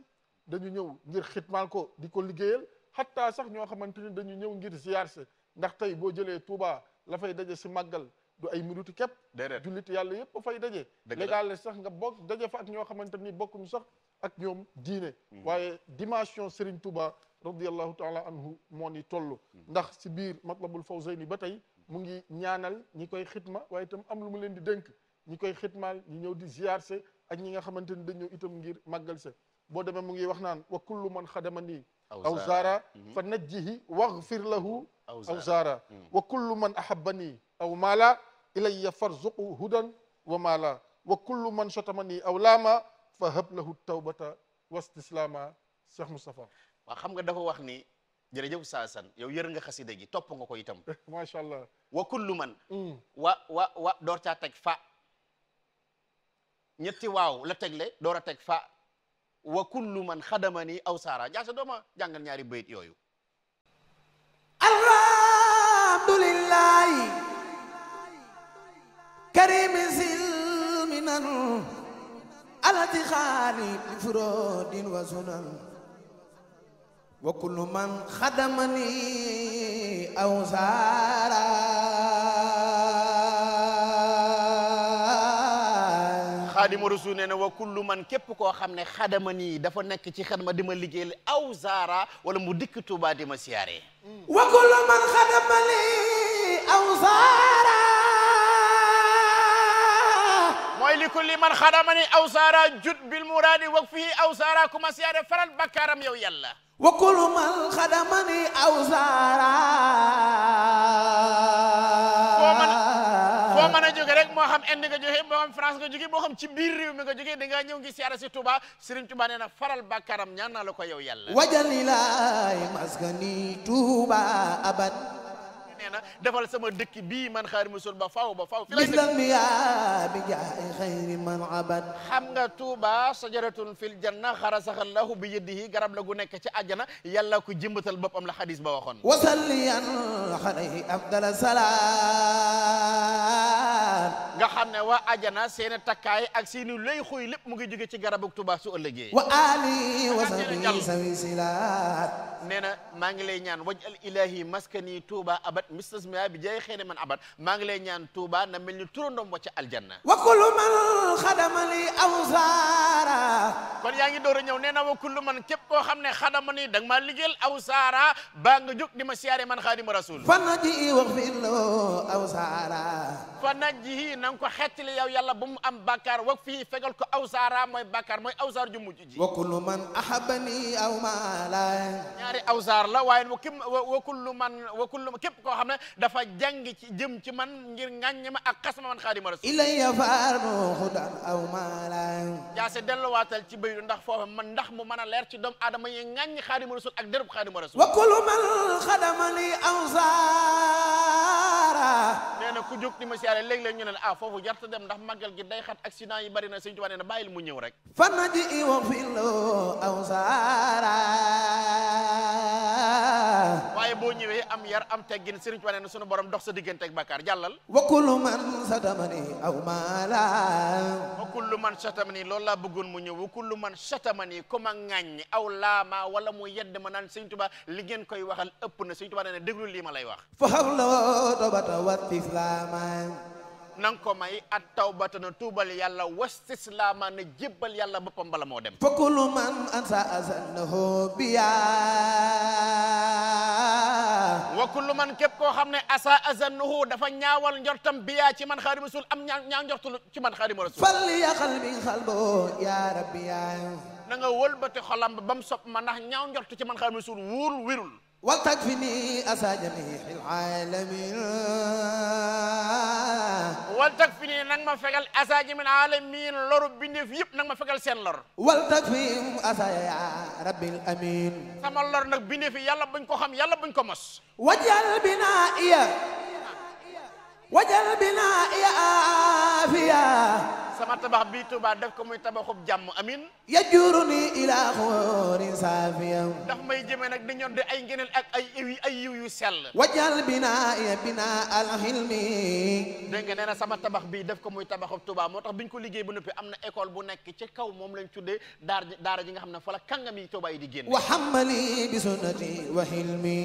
dañu ñëw ngir xitmaal ko di ko liggéeyal xattaa sax ñoo xamante ni dañu ñëw ngir ziyaar si ndax tey boo jëlee Touba la fay daje si màggal du ay minute képp déedéet jullit yàlla yëpp fay daje légal sax nga bokk daje fa ak ñoo xamante ni bokkuñu sax ak ñoom diine hmm. waaye dimension Serigne Touba radiallahu taala anhu moo ni toll hmm. ndax si biir matlabul fawzayni ba tey mu ngi ñaanal ñi koy xitma waaye itam am lu mu leen di dénk ñi koy xitmaal ñi ñëw di ziyaarse ak ñi nga xamante ni dañ itam ngir màggal se boo demee mu ngi wax naan wa kullu man xadama nii aw zaara hmm. fa najjihi waghfir lahu aw zaara wa kullu man ahabba ilayya farzuqu hudan wa maala wa kullu man shatamani aw laama fa hab lahu tawbata wa istislaama Cheikh Moustapha waaw xam nga dafa wax ni jërëjëf saasan yow yër nga xasida gi topp nga ko itam eh, macha allah wa kullu man mm. wa wa teg fa ñetti waaw la tegle door a teg fa wa kullu man xadamani aw saara jaasa dooma jàngal ñaari bayit yooyu alhamdulillahi كريم زلمنا الذي خالد لفرود وزنن وكل من خدمني أو زارا xaadima rasul nee na wa kullu man képp koo xam ne xadama nii dafa nekk ci xadma di ma liggéeyal aw zaara wala mu dikk Tuuba di ma siyaare wa kullu man xadama nii aw zaara mooy li kulli man xadamani aw jut bil muraadi wak fii aw saara ma siyaare faral bakkaaram yow yàlla wa kullu man xadamani aw saara foo mën a foo mën a jóge rek moo xam xam France nga jóge moo xam ci biir réew mi nga jóge da ngaa ñëw siyaare si Touba Serigne Touba nee faral bakkaaram ñaan ko yow yàlla nee na defal sama dëkk bii man xaari musul ba faw ba faw fi lay bi jaay xayri man abad xam nga Touba sajaratun fil janna xarasaxallahu bi yadihi garab la gu nekk ci àjjana yàlla ko jëmbatal boppam la xadis ba waxoon wasalliyan alayhi afdala salaam nga xam ne wa àjjana seen takkaay ak seeni lay xuy lépp mu ngi jóge ci garabu Touba su ëllëgee wa ali wa sabi sawi silaat nee na maa ngi lay ñaan waj al ilahi maskani Touba abad mistasmiha bi jay xëy man abat maa ngi lay ñaan Touba na mel ni turandoom wa ca aljanna wa kullu man xadama li awsaara kon yaa ngi door a ñëw nee na wa kullu man képp koo xam ne xadama ni da nga maa liggéeyal awsaara baa nga jóg di ma siyaare man xaadimu rasul fa najji wax fir loo awsaara fa na nga ko xettali yow yàlla am bàkkaar fii fegal mooy bàkkaar mooy awsaar ju mujj ji wa man ahabani aw maala ñaari awsaar la waaye wa kullu man wa kullu képp xam ne dafa jàng ci jëm ci man ngir ŋàññe ma ak xas ma man xaadima rasul ilayya farmuxudan aw maala jaase delluwaatal ci baydu ndax foofa man ndax mu mën a leer ci doomu aadama yi ŋàññ xaadima rasul ak dërëb xaadima rasul wa kullu man xadama li ansara nee na ku jóg di ma siyaare léeg-léeg ñu ne ah foofu jarta dem ndax màggal gi day xat accident yi bari na sëñ Tuubaa nee na bàyyil mu ñew rek fanaji waaye boo ñëwee am yar am teggin Sëriñ Tuubaa nee na sunu borom dox sa diggante ak bàkkaar jàllal wa kullu man satamani aw mala wa kullu man satamani loolu laa bëggoon mu ñëw wa kullu man satamani ku ma ŋàññ aw laama wala mu yedd ma naan Sëriñ Tuubaa li ngeen koy waxal ëpp na Sëriñ Tuubaa nee na déglu lii ma lay wax fa xawla tobata wat islaama na ko may at tawbata na tuubal yàlla wastislaama na jébbal yàlla boppam bala moo dem fakulu man ansa asanahu biya wa kullu man képp koo xam ne asa asanahu dafa ñaawal njortam biya ci man xaadimu rasul am ñaa ñaaw ci man xaadimu rasul fal ya qalbi xalbo ya rabbi ya na nga wëlbati xolam ba bam sopp ma ndax ñaaw njort ci man xaadimu rasul wóorul wérul ولتكفني أسى جميع العالمين ولتكفني nag ma fegal أسى جميع العالمين loru bindéef yëpp nag ma fegal seen lor ولتكفيهم أسى يا رب الأمين sama lor nag bindéef yi yàlla buñ ko xam yàlla buñ ko mos wajal binaa'iya wajal binaa'iya aafiya sama tabax bii Touba def ko muy tabaxub jàmm amin ya juru ni ilaa xoorin saafiya may jëmee nag di ñoon di ay ngeneel ak ay iwi ay yiw yu sell wajal binaa ya binaa alxilmi dégg nga nee sama tabax bi def ko muy tabaxub Touba moo tax bi ko liggéey ba noppi am na école bu nekk ci kaw moom lañ tuddee daar daara ji nga xam ne fa la kàngam yi yi di génn wa xammali bi sunnati wa xilmi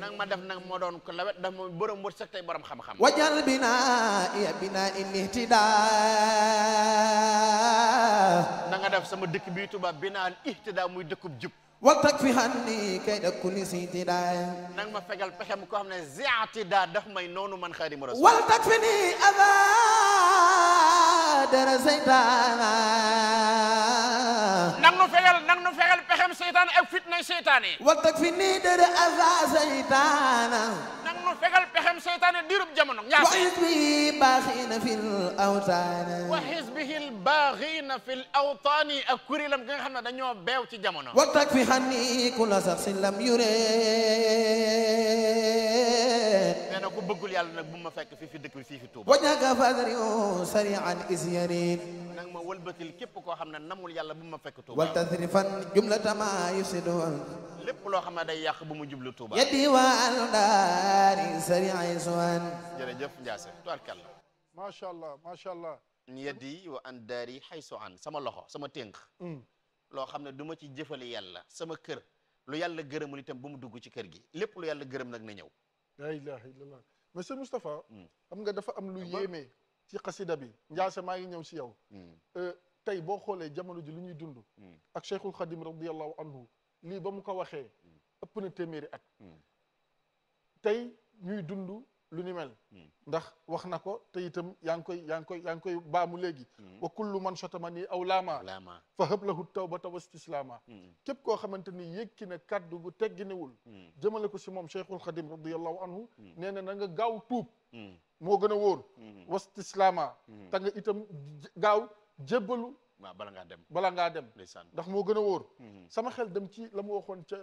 nang ma def nag moo doon ko lawet daf moom borom wërsëg tey borom xam-xam wajal binaa ya na nga def sama dëkk bi Tuuba binaan ihtidaa muy dëkkub jub waltak fi hanni kay da kulli si tidaay ma fegal pexe mu ko xam ne ziatidaa daf may noonu man Xaadimu Rasuul waltak fi ni aba dara seytaana nang nu fegal pexem seytaane diirub jamono ñaar wa xisbihi baaxiina fil awtaani wa xisbihi baaxiina fil awtaani ak kuréelam gi nga xam ne dañoo beew ci jamono wa takfi xanni kula saxsin lam yuree nee na ku bëggul yàlla nag bu ma fekk fii fi dëkk bi fii fi Tuuba wañaka fadri sarian isyarin nag ma wëlbatil képp koo xam ne namul yàlla bu ma fekk Tuuba wal tasrifan jumlata ma yusidun lépp loo xam ne day yàq bu mu jublu Touba. yeddi waa aldaari sari aysuwan. jërëjëf Ndiasse tubaarkàlla. macha allah macha allah. yeddi wa andaari xaysu an sama loxo sama tënk. Mm. loo xam ne du ma ci jëfale sama kër lu yàlla gërëmul itam bu mu dugg ci kër gi lépp lu yàlla gërëm nag na ñëw. la ilaha illallah monsieur Moustapha. Mm. xam nga dafa am lu yéeme. ci xasida bi Ndiasse maa ngi ñëw si yow. Mm. Euh, tey boo xoolee jamono ji lu ñuy dund. ak Cheikhul Khadim radiyallahu anhu lii ba mu ko waxee hmm. ëpp na téeméeri at hmm. tey ñuy dund lu ni mel hmm. ndax wax na ko te itam yaa ngi koy yaa ngi koy yaa ngi koy baamu léegi wa kullu man sota sotama nii aw laama fa hëb lahu tawbata wastislaama képp koo xamante ni yëkki na kaddu gu tegginewul jëmale ko si moom cheikhul xadim radiallahu anhu nee na na nga gaaw tuub moo gën a wóor wastislaama te itam gaaw jébbalu waaw bala ngaa dem bala ngaa dem ndax moo gën a wóor mhm. sama xel dem ci la mu waxoon ca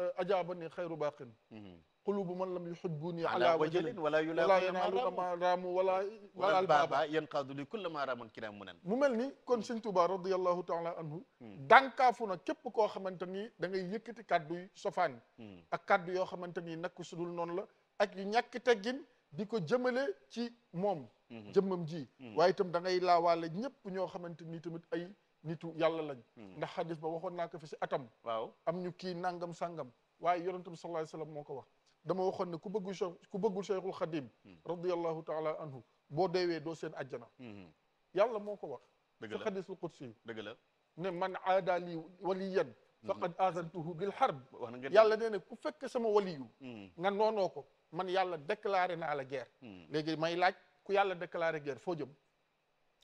euh, ajaaba ni xayru baaqin mhm. qulubu man lam yuhibbuni ala wajlin wala yanaalu ma raamu wala wala albaaba yanqaadu li kulla ma raamun kiraam munan mu mel ni kon sëñ Tuubaa radiyallahu taala anhu hmm. dànkaafu na képp koo xamante ni da ngay yëkkati kàddu yu sofaan hmm. ak kàddu yoo xamante ni nakk sudul noonu la ak yu ñàkk teggin di ko jëmale ci moom mhm. jëmmam ji mhm. waaye itam da ngay laawaale ñëpp ñoo xamante ni tamit ay nitu yàlla lañ mhm. nga xadis ba waxoon naa ko fi si atam waaw am ñu kii nangam sangam waaye yonente bi sallallahu alayhi wasallam moo ko wax dama waxoon ne ku bëggul ku bëggul cheikhul xadim radiallahu taala anhu boo deewee doo seen ajjana yàlla moo ko wax si xadisul qudsi dëgg la ne man aada li waliyan faqad aadantuhu bil harb yàlla nee ne ku fekk sama waliyu nga noonoo ko man yàlla déclaré naa la guerre. Hmm. léegi may laaj ku yàlla déclaré guerre foo jëm.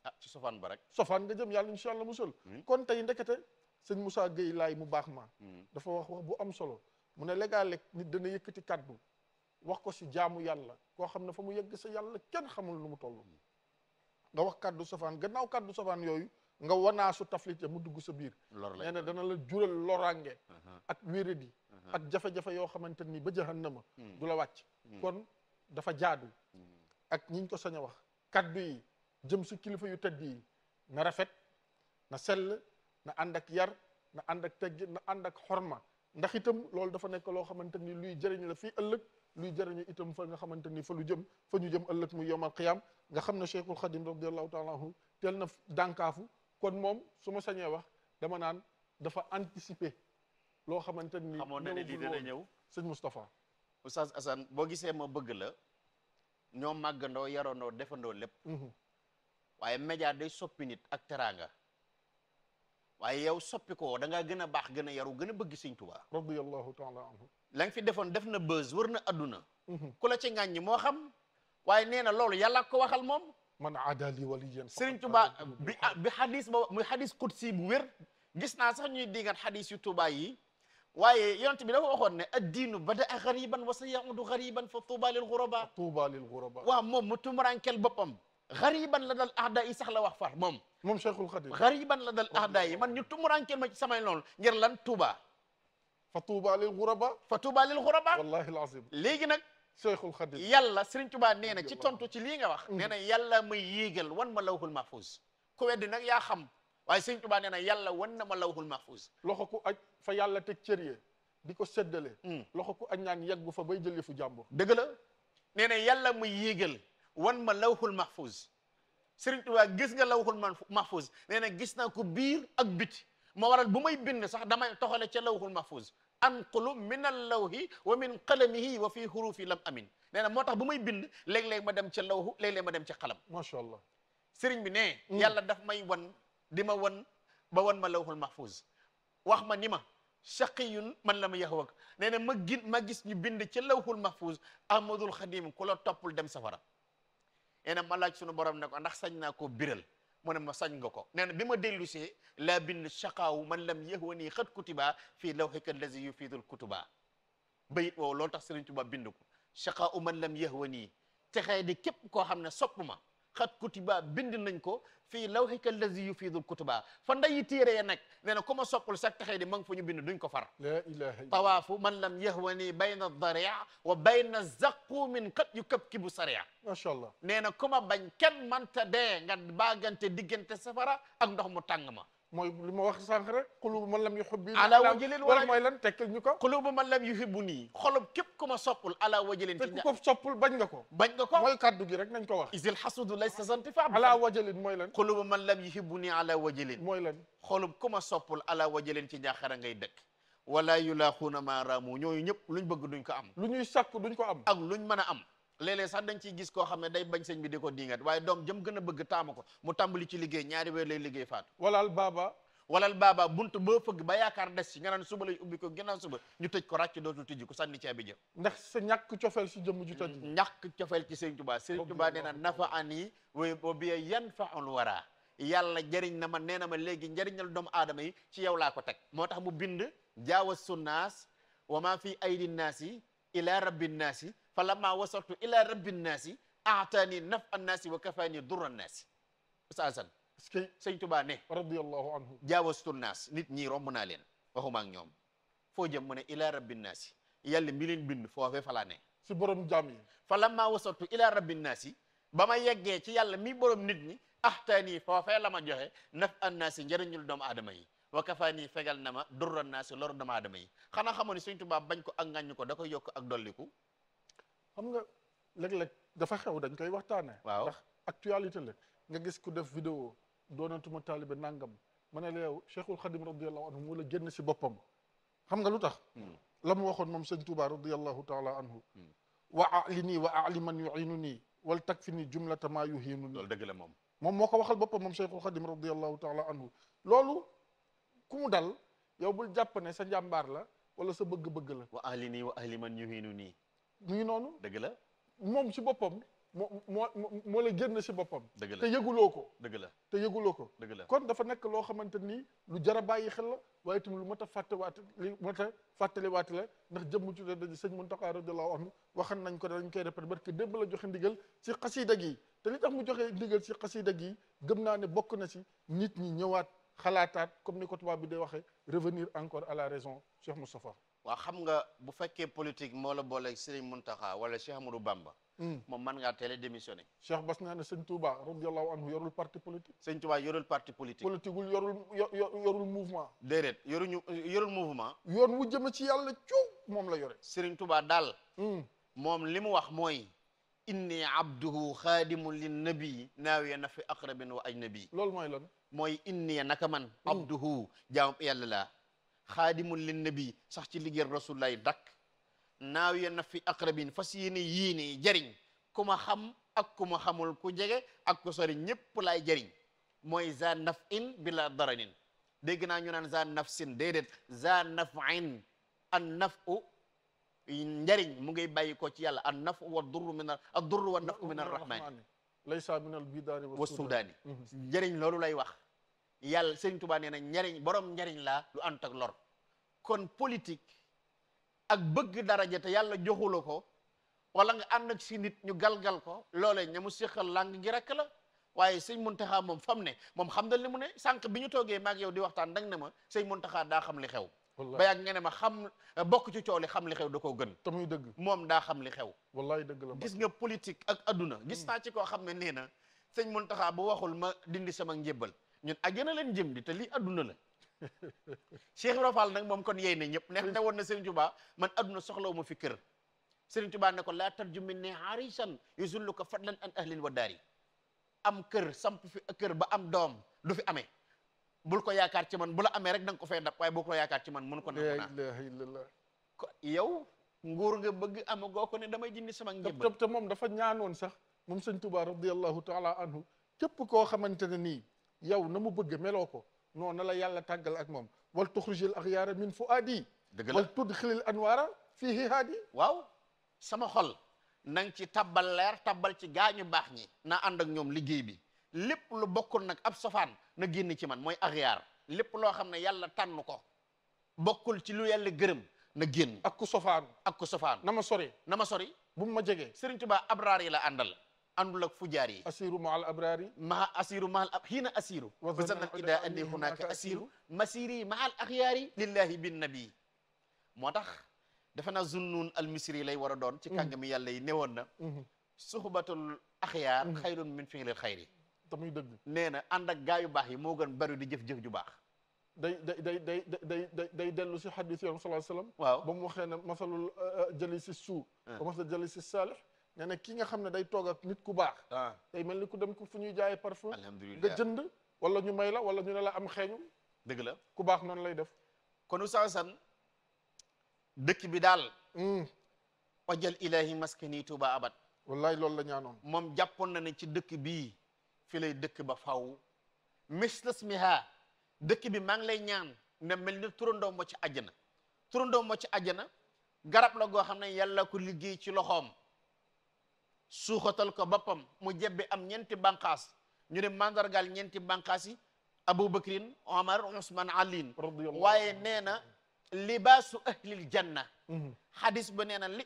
ah ci sofaan ba rek. sofaan nga jëm yàlla ñu incha allah musul. Hmm. kon tey ndekete sëñ Moussa Gueye laay mu baax ma hmm. dafa wax wax bu am solo. mu ne léeg-léeg nit dana yëkkati kàddu wax ko si jaamu yàlla koo xam ne fa mu yegg sa yàlla kenn xamul lu mu toll. nga wax kaddu sofaan gannaaw kaddu sofaan yooyu. nga wanaasu taflit ya mu dugg sa biir. lor nee na dana la jural loraange. ak wéradi ak jafe-jafe yoo xamante nii ba na jahannama hmm. du la wàcc hmm. kon dafa jaadu hmm. ak ñiñ ko sañ a wax kaddu yi jëm si kilifa yu tëdd yi na rafet na sell na ànd ak yar na ànd ak teggi na ànd ak xorma ndax itam loolu dafa nekk loo xamante ni luy jëriñ la fii ëllëg luy jëriñu itam fa nga xamante ni fa lu jëm fa ñu jëm ëllëg mu yowmal qiyaam nga xam ne cheikhul xadim radiallahu taala anhu teel na dànkaafu kon moom su ma sañee wax dama naan dafa anticiper loo xamante ni xamoon na ne lii dana ñëw sëñ Moustapha Oustaz Assane boo gisee ma bëgg la ñoo màggandoo yarandoo defandoo lépp mhm. waaye média day soppi nit ak teraanga waaye yow soppi ko da ngaa gën a baax gën a yaru gën bëgg sëñ Tuubaa radiyallahu taala anhu fi defoon def na buzz wër na adduna mhm. ku la ci ngàññi moo xam waaye nee na loolu yàlla ko waxal moom man aadali waliyan sëriñ Tuubaa bi ah, bi xadis ba muy xadis qudsi bu wér gis naa sax ñuy dingat xadis yu Tuubaa yi waaye yonent bi dafa waxoon ne addiinu bada'a xariban wa sa yaudu xariban fa tuuba lil xuraba tuuba lil xuraba waaw moom mu tumurankel boppam xariban la dal ahda sax la wax far moom moom cheikhul xadim xariban la dal ahda yi man ñu tumurankel ma ci samay noonu ngir lan tuuba fa tuuba lil xuraba fa tuuba lil xuraba wallahi alazim léegi nag cheikhul xadim yàlla Sëriñ Tuubaa nee na ci tontu ci lii nga wax mm-hmm. nee na yàlla may yéegal wan ma lawhul mahfuz ku weddi nag yaa xam waaye sëñ Tuubaa nee na yàlla wan na ma lawhul mahfuz loxo ku aj fa yàlla teg cër yi di ko séddale hmm. loxo ku aj naan yeggu fa bay jëlee fu jàmbur dëgg la nee na yàlla ma yéegal wan ma lawhul mahfuz sëriñ Tuubaa gis nga lawhul mahfuz nee na gis naa ko biir ak bit moo waral bu may bind sax damay toxale ca lawhul mahfuz anqulu min allawhi wa min qalamihi wa fi hurufi lam amin nee na moo tax bu may bind léeg-léeg ma dem ca lawhu léeg-léeg ma dem ca xalam macha allah di ma wan ba wan ma lawhul mahfuz wax ma ni ma shaqiyun man lam yahwak nee na ma gin ma gis ñu bind ci lawhul mahfuz ahmadul xadim ku la toppul dem safara nee na ma laaj sunu borom ne ko ndax sañ naa koo biral mu ne ma sañ nga ko nee na bi ma dellusee laa bind shaqaawu man lam yahwani xat kutiba fii lawhika allazi yufidul kutuba bayit woowu loolu tax Sëriñ Tuubaa bind ko shaqaawu man lam yahwani texee di képp koo xam ne sopp ma xat kutiba bind nañ ko fii lawhika allazi yufidul kutuba fa ndayi téere ya nag nee na ku ma soppul sax taxee di ma ngi fu ñu bind duñ ko far tawaafu man lam yahwani bayna daria wa bayna zaqumin kat yu këb ki bu saria macha allah nee na ku ma bañ kenn manta de nga baagante diggante safara ak ndox mu tàng ma mooy li ma wax sànq rek xulubu man lam yuhibbu ala wajëleen wala mooy lan tekkil ñu ko xulubu man lam yuhibbu nii xolub képp ku ma soppul ala wajëleen te ku ko soppul bañ nga ko bañ nga ko mooy kaddu gi rek nañ ko wax isil xasudu laysa zantifa ala wajëleen mooy lan xulubu man lam yuhibbu nii ala wajëleen mooy lan xolub ku ma soppul ala wajëleen ci njaaxara ngay dëkk wala yulaaxuuna maaraamu ñooyu ñëpp luñ bëgg duñ ko am lu ñuy sàkk duñ ko am ak luñ mën a am léeg-léeg sax dañ ciy gis koo xam ne day bañ sëñ bi di ko diingat waaye doom jëm gën a bëgg taamu ko mu tàmbali ci liggéey ñaari weer lay liggéey faatu walal baaba walal baaba bunt boo fëgg ba yaakaar des ci nga naan suba lay ubbi ko ginnaaw suba ñu tëj ko ràcc dootul sa ko sànni ci abi jë ndax sa ñàkk cofeel si jëmm ju tëj ñàkk cofeel ci sëñ Tuubaa sëñ Tuubaa nee na nafa an yi wa biya yan faul wara yàlla jëriñ na ma nee na ma léegi njëriñal doomu aadama yi ci yow laa ko teg moo tax mu bind jaawa sunnaas wa maa fi aydi naasi ila rabbi naasi fa lamma wasaltu ila rabbi nnaasi aataani naf annaasi wa kafaani durra nnaasi saasan est-ce que sëñ tubaa ne radiallahu anhu jaawastu naas nit ñi romb naa leen waxuma ak ñoom foo jëm mu ne ila rabbi nnaasi yàlla mi leen bind foofee falaa si borom jaam yi fa lamma wasaltu ila rabbi nnaasi ba ma yeggee ci yàlla mi borom nit ñi ahtaani foofee la ma joxe naf annaasi njëriñul doomu adama yi wa kafaani fegal na ma durra nnaasi loru doomu aadama yi xanaa xamoon ne sëñ tubaa bañ ko ak ngàññ ko da koy yokk ak dolliku xam nga léeg-léeg dafa xew dañ koy waxtaanee. waaw ndax la nga gis ku def vidéo doonatuma taalibe nangam ma ne la yow Cheikhul Khadim radiyallahu anhu moo la génn si boppam xam nga lu tax. Hmm. la mu waxoon moom sëñ Touba radiyallahu taala anhu. Hmm. wa alini wa ali man yuinu nii wal takfini jumlata maa yuhiinu nii. loolu dëgg la moom. moom moo ko waxal boppam moom Cheikhul Khadim radiyallahu taala anhu loolu ku mu dal yow bul jàpp ne sa njàmbaar la wala sa bëgg-bëgg la. wa alini wa ali man yuhiinu nii. mu ngi noonu. dëgg la moom si boppam. moo moo moo la génn si boppam. dëgg la te yëguloo ko. dëgg la te yëguloo ko. dëgg la kon dafa nekk loo xamante nii lu jar a bàyyi xel la waaye itam lu mat a fàttewaat li mat a fàttaliwaat la ndax jëmm ci dañu sëñ Mountakha radiyallahu anhu waxan nañ ko dañ koy répété parce que démb la joxe ndigal si xasida gi te li tax mu joxe ndigal si xasida gi gëm naa ne bokk na si nit ñi ñëwaat xalaataat comme ni ko tubaab bi day waxee revenir encore à la raison Cheikh Moustapha waa xam nga bu fekkee politique moo la booleeg Serigne Mountakha wala Cheikh Amadou Bamba. Hmm. moom man ngaa teel a démissionné. Cheikh Bass naa ne sëñ Touba radiyallahu anhu yorul parti politique. sëñ Touba yorul parti politique. politiqueul yorul yorul mouvement. déedéet yoruñu yorul mouvement. yoon wu jëme ci yàlla coow moom la yore. Serigne Touba daal. Hmm. moom li mu wax mooy. inni abduhu xaadimun lin nabi naawiya na fi aqrabin wa ajnabi. loolu mooy lan. mooy inni naka man. Hmm. abduhu jaam yàlla laa. xaadimun lin nabi sax ci liggéeyal rasul lay dakk naaw ye na fi aqrabin fas yéene yéene jariñ ku ma xam ak ku ma xamul ku jege ak ku sori laay jariñ mooy za naf in bila dararin dégg naa ñu naan za nafsin déedéet za nafain an naf u njariñ mu ngi bàyyi ko ci yàlla an naf u wa durru min ad naf u min arrahmani laysa min al bidaani wa sudaani mhm. njariñ loolu lay wax yàlla Sëriñ Tuubaa nee njariñ boroom njariñ laa lu àndut ak lor kon politique ak bëgg daraja te yàlla joxula ko wala nga ànd ak si nit ñu galgal ko loole ña mu séqal làng gi rek la waaye sëñ Muntaxa moom fam ne moom xam na li mu ne sànq bi ñu toogee maag yow di waxtaan dang ne ma sëñ Muntaxa daa xam li xew ba yàgg nga ne ma xam bokk ci cooli xam li xew da koo gën te muy dëgg moom daa xam li xew wallaay dëgg la gis nga politique ak adduna gis mm. naa ci koo xam ne nee na sëñ Muntaxa bu waxul ma dindi sama njébbal ñun àjjana leen jëm di te lii adduna la Cheikh Ibra Fall nag moom kon yey na ñëpp neex woon na Serigne Touba man adduna soxlawuma fi kër Serigne Touba ne ko laa tarju min ne harisan ko fadlan an ahlin wa daari am kër samp fi kër ba am doom du fi amee bul ko yaakaar ci man bu la amee rek da ko fay dab waaye bul ko yaakaar ci man mun ko naa la ilaha illallah ko yow nguur nga bëgg ama goo ko ne damay jindi sama ngëb te moom dafa ñaanoon sax moom Serigne Touba radiallahu taala anhu képp koo xamante ne nii yow na mu bëgg meloo ko non na la yàlla tàggal ak moom wal tuxrijil axyaara min fuaadi dëgg la wal tudxilil anwaara fii hihaadi waaw sama xol na nga ci tabbal leer tabbal ci gaañu baax ñi naa ànd ak ñoom liggéey bi lépp lu bokkul nag ab sofaan na génn ci man mooy axyaar lépp loo xam ne yàlla tànn ko bokkul ci lu yàlla gërëm na génn ak ku sofaanu ak ku sofaanu na ma sori na ma sori bu mu ma jegee Sëriñ Tuubaa abraar yi la àndal àndul ak fujaar yi asiru ma al abrari maa asiru ma al ab hiina asiru wa zannan ida anni hunaka asiru masiri ma al axyaari lillahi bin nabi moo tax defe naa zunnun al misri lay war a doon ci kàngami mm-hmm. yàlla yi newoon na mm-hmm. suxbatul axyaar mm-hmm. xayrun min fiilil xayri tamuy dëgg nee na ànd ak gaa yu baax yi moo gën bari di jëf-jëf ju baax day day day day day day day dellu si xadis yoon sallallahu alayhi wasallam waaw ba mu waxee ne masalul euh, euh, jëli si suu ba ah. masal jëli si nee na ki nga xam ne day toog ak nit ku baax ah. day mel ni ku dem ku fu ñuy jaayee parfum nga jënd wala ñu may la wala ñu ne la am xeeñu dëgg la ku baax noonu lay def kon Oustaz Assane dëkk bi daal hmm. wajal ilahi maskani tuuba abad wallaay loolu la ñaanoon moom jàppoon na ne ci dëkk bii fi lay dëkk ba faw mislas miha dëkk bi maa ngi lay ñaan ne mel ni turandoom ba ci àjjana turandoom ba ci àjjana garab la goo xam ne yàlla ko liggéey ci loxoom suuxatal ko boppam mu jebbe am ñeenti banqaas ñu ne mandargal ñeenti banqaas yi aboubacrin omar ousman alin waaye nee na libaasu ahlil janna mhm. xadis ba nee na li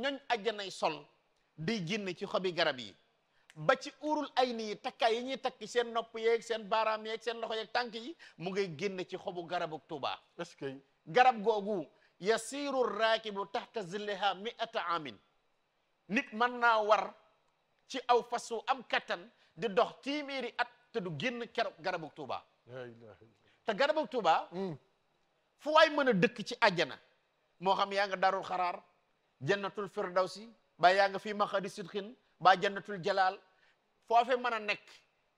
ñooñ ajjanay sol di génn ci xobi garab yi ba ci uurul ay ni yi takkaay yi ñuy takk seen nopp yeeg seen baaraam yeeg seen loxo yeeg tànk yi mu ngay génn ci xobu garabu Tuubaa est que garab googu yasiru raakibu taxta zilliha miata amin nit mën naa war ci aw fas am kattan di dox téeméeri at te du génn keroog garabug Tuuba te garabug Tuuba hmm. fu waay mën a dëkk ci àjjana moo xam yaa nga darul xaraar jannatul firdawsi ba yaa nga fii maxadi sidxin ba jannatul jalaal foofe mën a nekk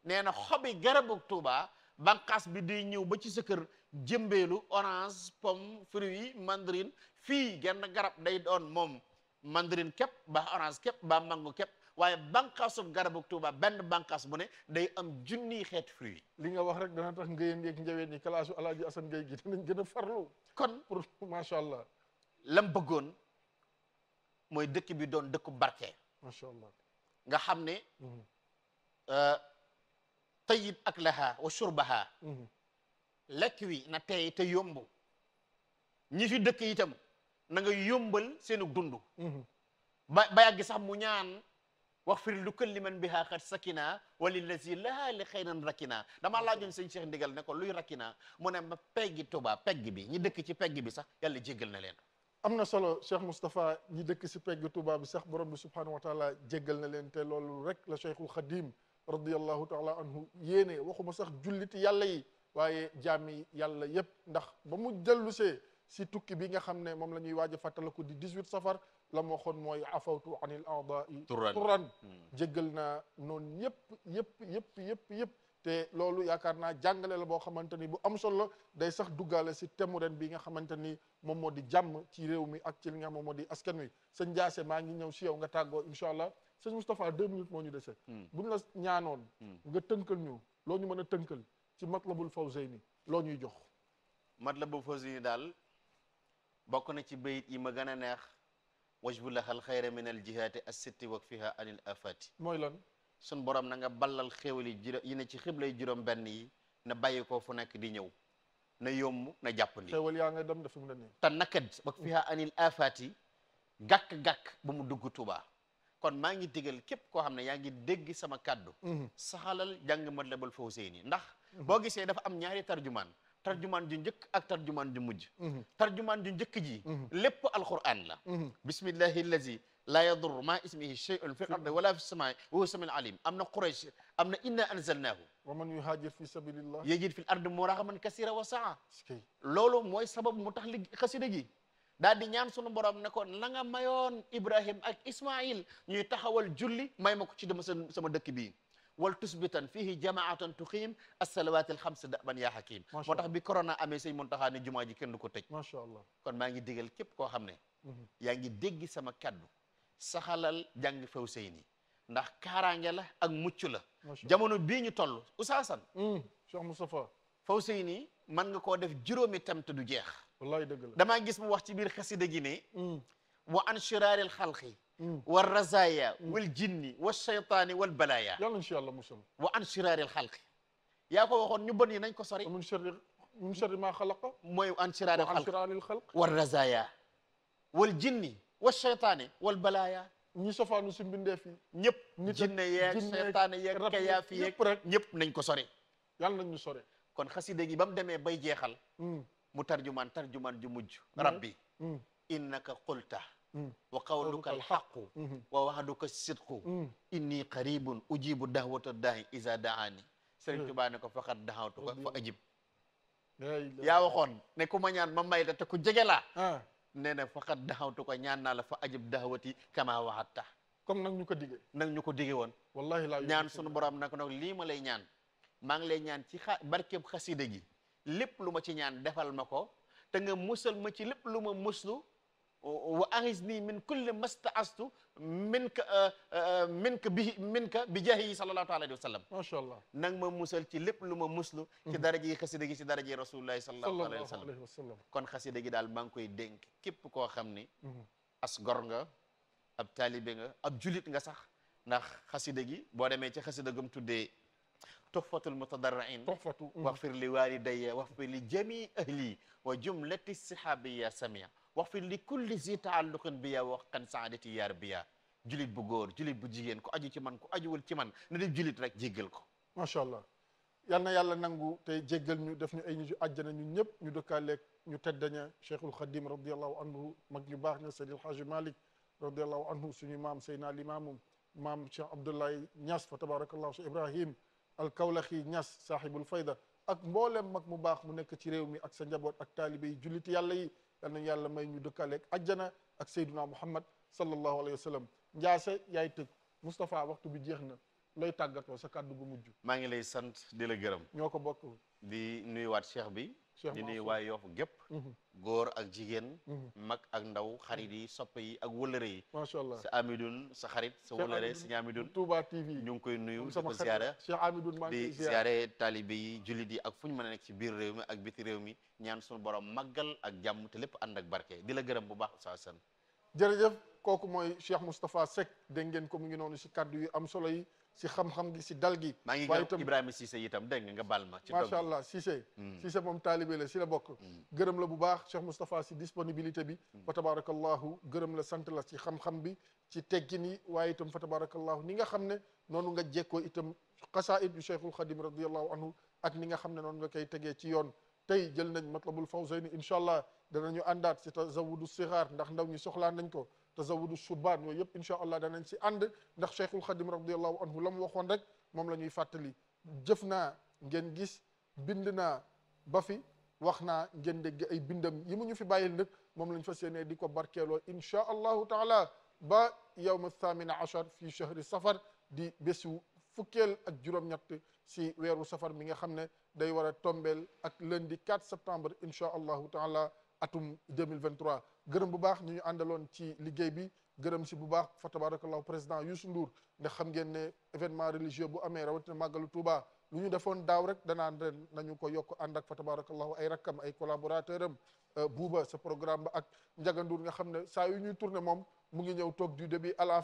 nee na xobi garabug Tuuba banqaas bi di ñëw ba ci sa kër jëmbeelu orange pomme fruit mandarine fii genn garab day doon moom mandarin képp ba orange képp ba mango képp waaye bànqaasu garabu Touba benn bànqaas bu ne day am junniy xeetu fruit li nga wax rek dana tax ngëyeen yeeg njaween yi kalaasu alaaji asan ngay gi dinañ gën a farlu kon pour macha allah lam bëggoon mooy dëkk bi doon dëkku barke macha allah nga xam ne mhm. euh, tayib ak lahaa wa shurbahaa mhm. lekk wi na teey te yomb ñi fi dëkk itam na nga yombal seenu dund mhm. ba ba yàgg sax mu ñaan wax fir lu kulli man bihaa qad sakina walillazi lahaa li xayran rakina damaa laajoon sëñ Cheikh ndigal ne ko luy rakina mu ne ma peggi Tuubaa pegg bi ñi dëkk ci pegg bi sax yàlla jéggal na leen am na solo Cheikh Moustapha ñi dëkk si pegg Tuubaa bi sax borom bi subhaanahu wa taala jéggal leen te loolu rek la Cheikhul Xadim radiallahu taala anhu sax julliti yàlla yi waaye jaami yàlla yépp ndax ba mu dellusee si tukki bi nga xam ne moom la ñuy waaj a fàttaliku di 18 safar la mu waxoon mooy afawtu anil a'da'i turan hmm. jëggal na noon yëpp yëpp yëpp yëpp yëpp te loolu yaakaar naa jàngale la boo xamante ni bu am solo day sax duggaale si temu ren bi nga xamante ni moom moo di jàmm ci réew mi ak ci li nga xam moom moo di askan wi sëñ Ndiasse maa ngi ñëw si yow nga tàggoo incha allah sëñ Moustapha deux minutes moo ñu dese. Hmm. buñ la ñaanoon. Hmm. nga tënkal ñu loo ñu mën a tënkal ci Matlabul Fawzayni loo ñuy jox. Matlabul Fawzayni daal. bokk na ci bayit yi ma gën a neex wajbu laxal xayra min al jihaati assitti fi fiha anil afati mooy lan sun borom na nga ballal xéewal yi juró yi ne ci xiblay juróom benn yi na bàyyi ko fu nekk di ñëw na yomb na jàppandi xéewal yaa nga dem dafa mu la ne te nakad wak fiha anil afati gàkk-gàkk ba mu dugg tubaa kon maa ngi digal képp koo xam ne yaa ngi dégg sama kàddu mhm. saxalal jàng Matlabul Fawzayni ndax mhm. boo gisee dafa am ñaari tarjumaan tarjumaan ju njëkk ak tarjumaan ju mujj mhm. tarjumaan ju njëkk ji mhm. lépp alquran la mhm. bismillahi allazi laa yadur ma ismihi shay'un fi ardi wala fi samaa'i wa huwa samiul alim am na quraysh am na inna anzalnaahu wa man yuhaajir fi sabilillah yajid fi l ardi muragaman kasira wa saa loolu mooy sabab mu tax li xasida gi daal di ñaan sunu borom ne ko la nga mayoon ibrahim ak ismail ñuy taxawal julli may ma ko ci dama sama dëkk bii wal tusbitan fihi jamaatan tuqiim as-salawaati al-xams daban yaa hakiim moo tax bi corona amee sëñ Muntaxa ne jumaa ji kenn du ko tëj macha allah kon maa ngi digal képp koo xam ne mhm. yaa ngi dégg sama kaddu saxalal jàng few sëy nii ndax kaaraange la ak mucc la jamono bii ñu toll usaasan mm, Cheikh Moustapha faw sëy nii mën nga koo def juróomi tam te du jeex wallaay dëgg la damaa gis mu wax ci biir xasida gi ne mm. wa an shiraaril xalqi wal razaya wal jinni wal shaytaani wal balaya yàlla incha allah musal wa an shiraari alxalqi yaa ko waxoon ñu bon yi nañ ko sori min sharri min sharri ma xalaqa mooy an shiraari alxalq wal razaya wal jinni wal shaytaani wal balaya ñi sofaanu si mbindeef yi ñëpp nit jinne yeeg seytaane yeeg kayaa fii yeeg rek ñëpp nañ ko sore yàlla nañ ñu sore kon xasida gi ba mu demee bay jeexal mu tarjumaan tarjumaan ju mujj rabbi innaka qulta Mm. wa qawluka alxaqu mm-hmm. wa waxduka sidqu mm. inni qaribun ujibu dahwata daahi isa daani sëriñ mm. Tuubaa ne ko faqat daxawtu ko fa ajib yaa waxoon ne ku ma ñaan ma may la te ku jege laa ah. nee na faqat daxawtu ko ñaan naa la fa ajib dahwati kama waxatta comme nag ñu ko digee nag ñu ko digee woon wallahi laa ñaan sunu borom nag nag lii ma lay ñaan maa ngi lay ñaan ci xa barkeb xasida gi lépp lu ma ci ñaan defal ma ko te nga musal ma ci lépp lu ma muslu wa axizni min kulli mastaastu minka uh, uh, minka bi minka bi jaahi sallallahu alayhi wa sallam macha allah nang ma musal ci lépp lu ma muslu ci mhm. daraja yi xasida gi ci daraja yi rasulullahi sallallahu alayhi wa sallam kon xasida gi daal maa ngi koy dénk képp koo xam ni mhm. as gor nga ab taalibe nga ab julit nga sax ndax xasida gi boo demee ci xasida gum tuddee tuhfatul mutadarriin mhm. waxfir li waalidayya waxfir li jamii ahli wa jumlati sihaabiya samia wax fi li kulli zi taalluqin biya wax kan saadati yaar biya julit bu góor julit bu jigéen ku aju ci man ku ajuwul ci man julit rek jéggal ko macha allah yal na yàlla nangu tey jéggal ñu def ñu ay ñu àjjana ñun ñëpp ñu dëkkaaleeg ñu teddaña cheikhul xadim radiallahu anhu mag ñu baax ña seydil xaaji malik radiallahu anhu suñu maam seydina limaamum maam cheikh abdoulaye ñas fa tabarakallahu cheikh ibrahim alkawlaxi ñas saahibul fayda ak mboolem mag mu baax mu nekk ci réew mi ak sa njaboot ak taalibe yi julliti yàlla yi yal nañu yàlla may ñu dëkkaleeg ajjana ak sayduna muhammad sallallahu alayhi wa sallam njaase yaay tëg Moustapha waxtu bi jeex na looy tàggatoo sa kàddu gu mujj maa ngi lay sant di la gërëm ñoo ko bokk di nuyuwaat cheikh bi di nuyu waa Yoff gépp mhm. góor ak jigéen mhm. mag ak ndaw xarit yi soppe yi ak wëlëre yi macha allah sa Amidoun sa xarit sa wëlëre si Amidoun Touba TV ñu koy nuyu di ko ziyaare Cheikh Amidoun bi ngi ziyaare taalibe yi jullit yi ak fuñ ñu mën a nekk ci biir réew mi ak biti réew mi ñaan suñu borom màggal ak jàmm te lépp ànd ak barke di la gërëm bu baax sa san jërëjëf kooku mooy Cheikh Moustapha Seck dégg ko mu ngi noonu si kaddu yu am solo yi ci xam-xam gi si dal gi. maa ngi gërëm Ibrahima Cissé itam dégg nga nga baal ma. ci macha allah Cissé. Mm. Cissé moom taalibe la si la bokk. Mm. gërëm la bu baax Cheikh Moustapha si disponibilité bi. Mm. fa tabarakallahu gërëm la sant la ci xam-xam bi ci teggin yi waaye itam fa tabarakallahu ni nga xam ne noonu nga jekkoo itam xasaayid yu Cheikhul Xadim radiyallahu anhu ak ni nga xam ne noonu nga koy tegee ci yoon. tey jël nañ matlabul fawzayni incha allah danañu àndaat si tazawudu sixaar ndax ndaw ñi soxlaan nañ ko tazawudu shubbaan yooyu yëpp incha allah danañ si ànd ndax cheikhul xadim radiallahu anhu la mu waxoon rek moom la ñuy fàttali jëf naa ngeen gis bind naa ba fi wax naa ngeen dégg ay bindam yi mu ñu fi bàyyil nag moom lañ fas yéenee di ko barkeeloo incha allahu taala ba yawma thamina achar fi chahri safar di bésu fukkeel ak juróom-ñett si weeru safar mi nga xam ne day war a tombeel ak lundi 4 septembre incha allahu taala atum 2023 gërëm bu baax ñu ñu àndaloon ci liggéey bi gërëm si bu baax fa tabarakallahu président Youssou Ndour ndax xam ngeen ne événement religieux bu amee rawatina màggalu Touba lu ñu defoon daaw rek danaan ren nañu ko yokk ànd ak fa tabarakallahu ay rakkam ay collaborateur am euh, buuba sa programme ba ak njaganduur nga xam ne saa yu ñuy tourné moom mu ngi ñëw toog du début à la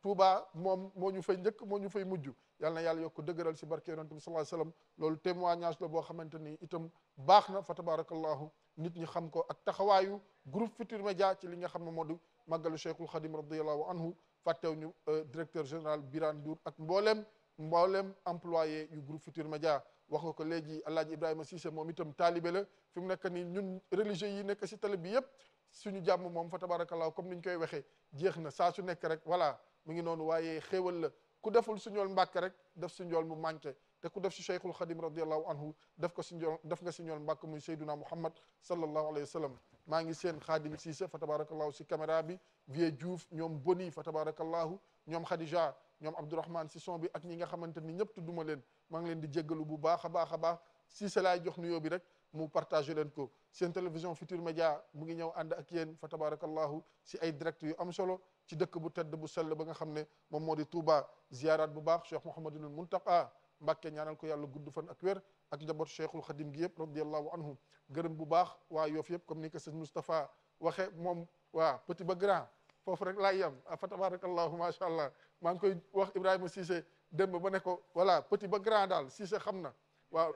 Touba moom moo ñu fay njëkk moo ñu fay mujj yal na yàlla yokk dëgëral si barke yonent bi sallallahu alayhi wasallam loolu témoignage la boo xamante ni itam baax na fa tabarakallahu nit ñi xam ko ak taxawaayu groupe Futur Média ci li nga xam ne moo di màggalu Cheikhul Khadim radiyallahu anhu fàttew ñu euh, directeur général Birane Ndour ak mbooleem mboolem employé yu groupe Futur Média wax nga ko léegi El Hadj Ibrahima Cissé moom itam taalibe la fi mu nekk nii ñun religieux yi nekk si télé bi yëpp suñu jàmm moom fa tabarakallahu comme ni ñu koy waxee jeex na saa su nekk rek voilà mu ngi noonu waaye xéewal la ku deful su ñool mbàkk rek def su ñool mu manqué te ku def si cheikhul xadim radiallahu anhu def ko si ñool def nga si ñool mbàkk muy sayduna muhammad sallallahu alayhi wa sallam maa ngi seen xaadim siise fa tabarakallahu si caméra bi vie diouf ñoom boni fa tabarakallahu ñoom khadija ñoom abdourahman si son bi ak ñi nga xamante ni ñëpp tudduma leen maa ngi leen di jéggalu bu baax a baax a baax siise laay jox nuyoo bi rek mu partagé leen ko seen télévision Futur Média mu ngi ñëw ànd ak yéen fa tabarakallahu si ay direct yu am solo ci dëkk bu tedd bu sell ba nga xam ne moom moo di Touba ziyaaraat bu baax Cheikh Mouhamadul Muntaqa Mbàkke ñaanal ko yàlla gudd fan ak wér ak njabootu Cheikhul Xadim gi yëpp radiallahu anhu gërëm bu baax waa Yoof yëpp comme ni ko sëñ Moustapha waxe moom waa petit ba grand foofu rek laay yam fa tabarakallahu macha allah maa ngi koy wax Ibrahima Cissé démb ba ne ko voilà petit ba grand daal Cissé xam na waa waaw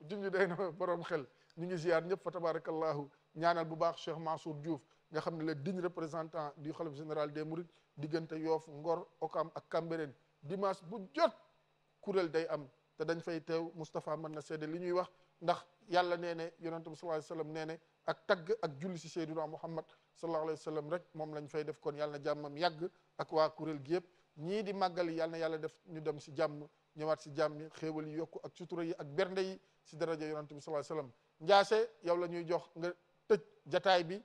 junj day na borom xel ñu ngi ziyaar ñëpp fa tabarakallahu ñaanal bu baax Cheikh Mansour Diouf nga xam ne le digne représentant du khalife général de Mourides diggante Yoff Ngor Okam ak Cambérène dimanche bu jot kuréel day am te dañ fay teew Moustapha mën na seede li ñuy wax ndax yàlla nee ne yonente bi sallallahu alayhi wasallam nee ne ak tagg ak julli si Seydina Muhammad sallallahu alayhi wasallam rek moom lañ fay def kon yàlla na jàmmam yàgg ak waa kuréel gi yëpp ñii di màggal yàlla yàlla def ñu dem si jàmm ñëwaat si jàmm yi xéewal yi yokk ak sutura yi ak bernde yi si daraja yonente bi sallallahu alayhi yow la ñuy jox nga jataay bi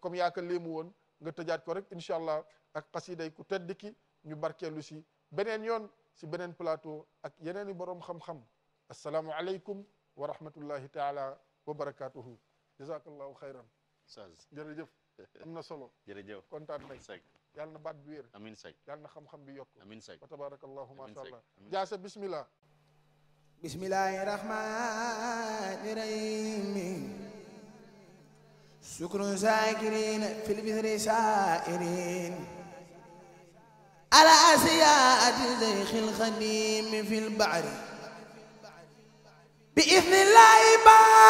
comme yaa ko léemu woon nga tëjaat ko rek incha allah ak xasiday ku tedd ki ñu barkeelu si beneen yoon si beneen plateau ak yeneen i borom xam-xam asalaamualeykum wa rahmatullahi taala wa barakatuhu jazakallahu xayran saz jërëjëf am na solo jërëjëf kontaan nañ seg yàlla na baat bi wér amin seg yàlla na xam bi yokk amin seg wa tabaarakallahu ma sha allah jaasa bismillah bismillahi rahmani rahim شكر ساكرين في البذر سائرين على أسياء زيخ الخديم في البعر بإذن الله باقي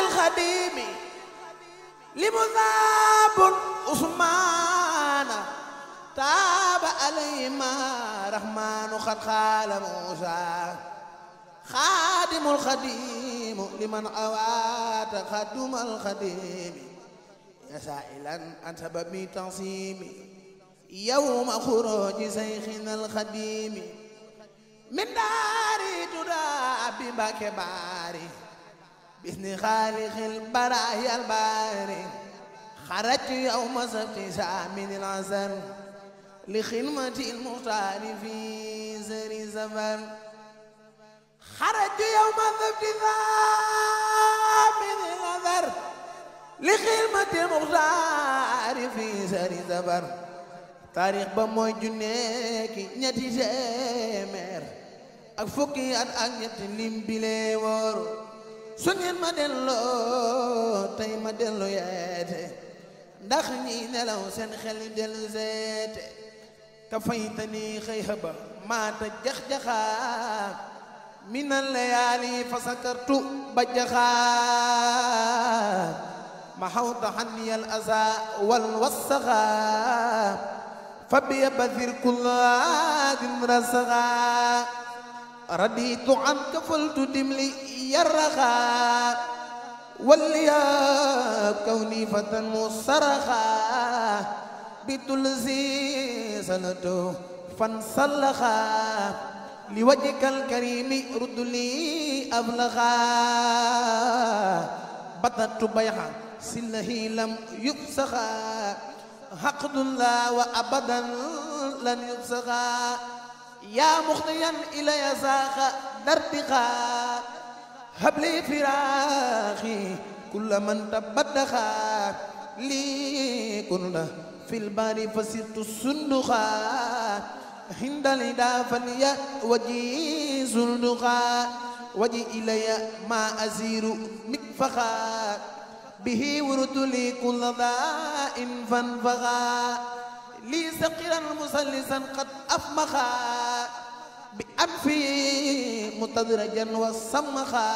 الخديم لمذاب عثمان تاب عليهما رحمن قد قال موسى xaadimul xadiimu liman awaata xadumal xadiimi yasailan an sababi tansiimi yawma xuruuji sayxinal xadiimi min daari tudaa bi mbàkke baari bisni xaalixil baraayal baari xarajtu yawma sabti saaminil asar li xidmatil muxtaari fi sëri safar xaraju yow ma sabti saa mi ni nazar li xidmatil muxtaari fi sari sabar taarix ba mooy junneeki ñetti téeméer ak fukki at ak ñetti lim bile wóoru su ngeen ma delloo tey ma dellu yeete ndax ñi nelaw seen xel dellu seete ka faytani xëy maata jax-jaxaa من الليالي فسكرت بجخا محوت عني الأذى والوسخا فبيبذر كل عاد رسغا رديت عنك فلتدم لي يرخا وليا كوني فتى مصرخا بتلزي سنته فانسلخا li wajhikal karimi rudduli ablaxa batatu bayxa sillahi lam yubsaxa xaqdullah wa abadan lan yubsaxa yaa muxdiyan ilaya saaxa dardixa habli firaaxi kulla man tabaddaxa lii kun la fil baari fasirtu sunduxa حين لدا فنيا وجي زلدخا وجي إلي ما أزير مكفخا به ورد لي كل ضاء فانفخا لي سقرا مسلسا قد أفمخا بأنفي متدرجا وسمخا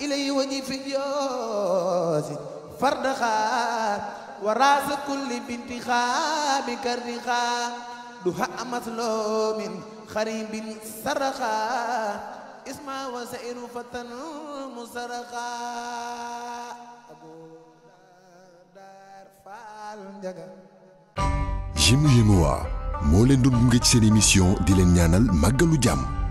إلي وجي في جوز فردخا وراس كل بنت خا بكردخا دهاء مظلوم خريب سرقا اسمع وسائر فتن مسرقا yéemu yéemuwaa moo leen doon gunge ci seen émission di leen ñaanal màggalu jàmm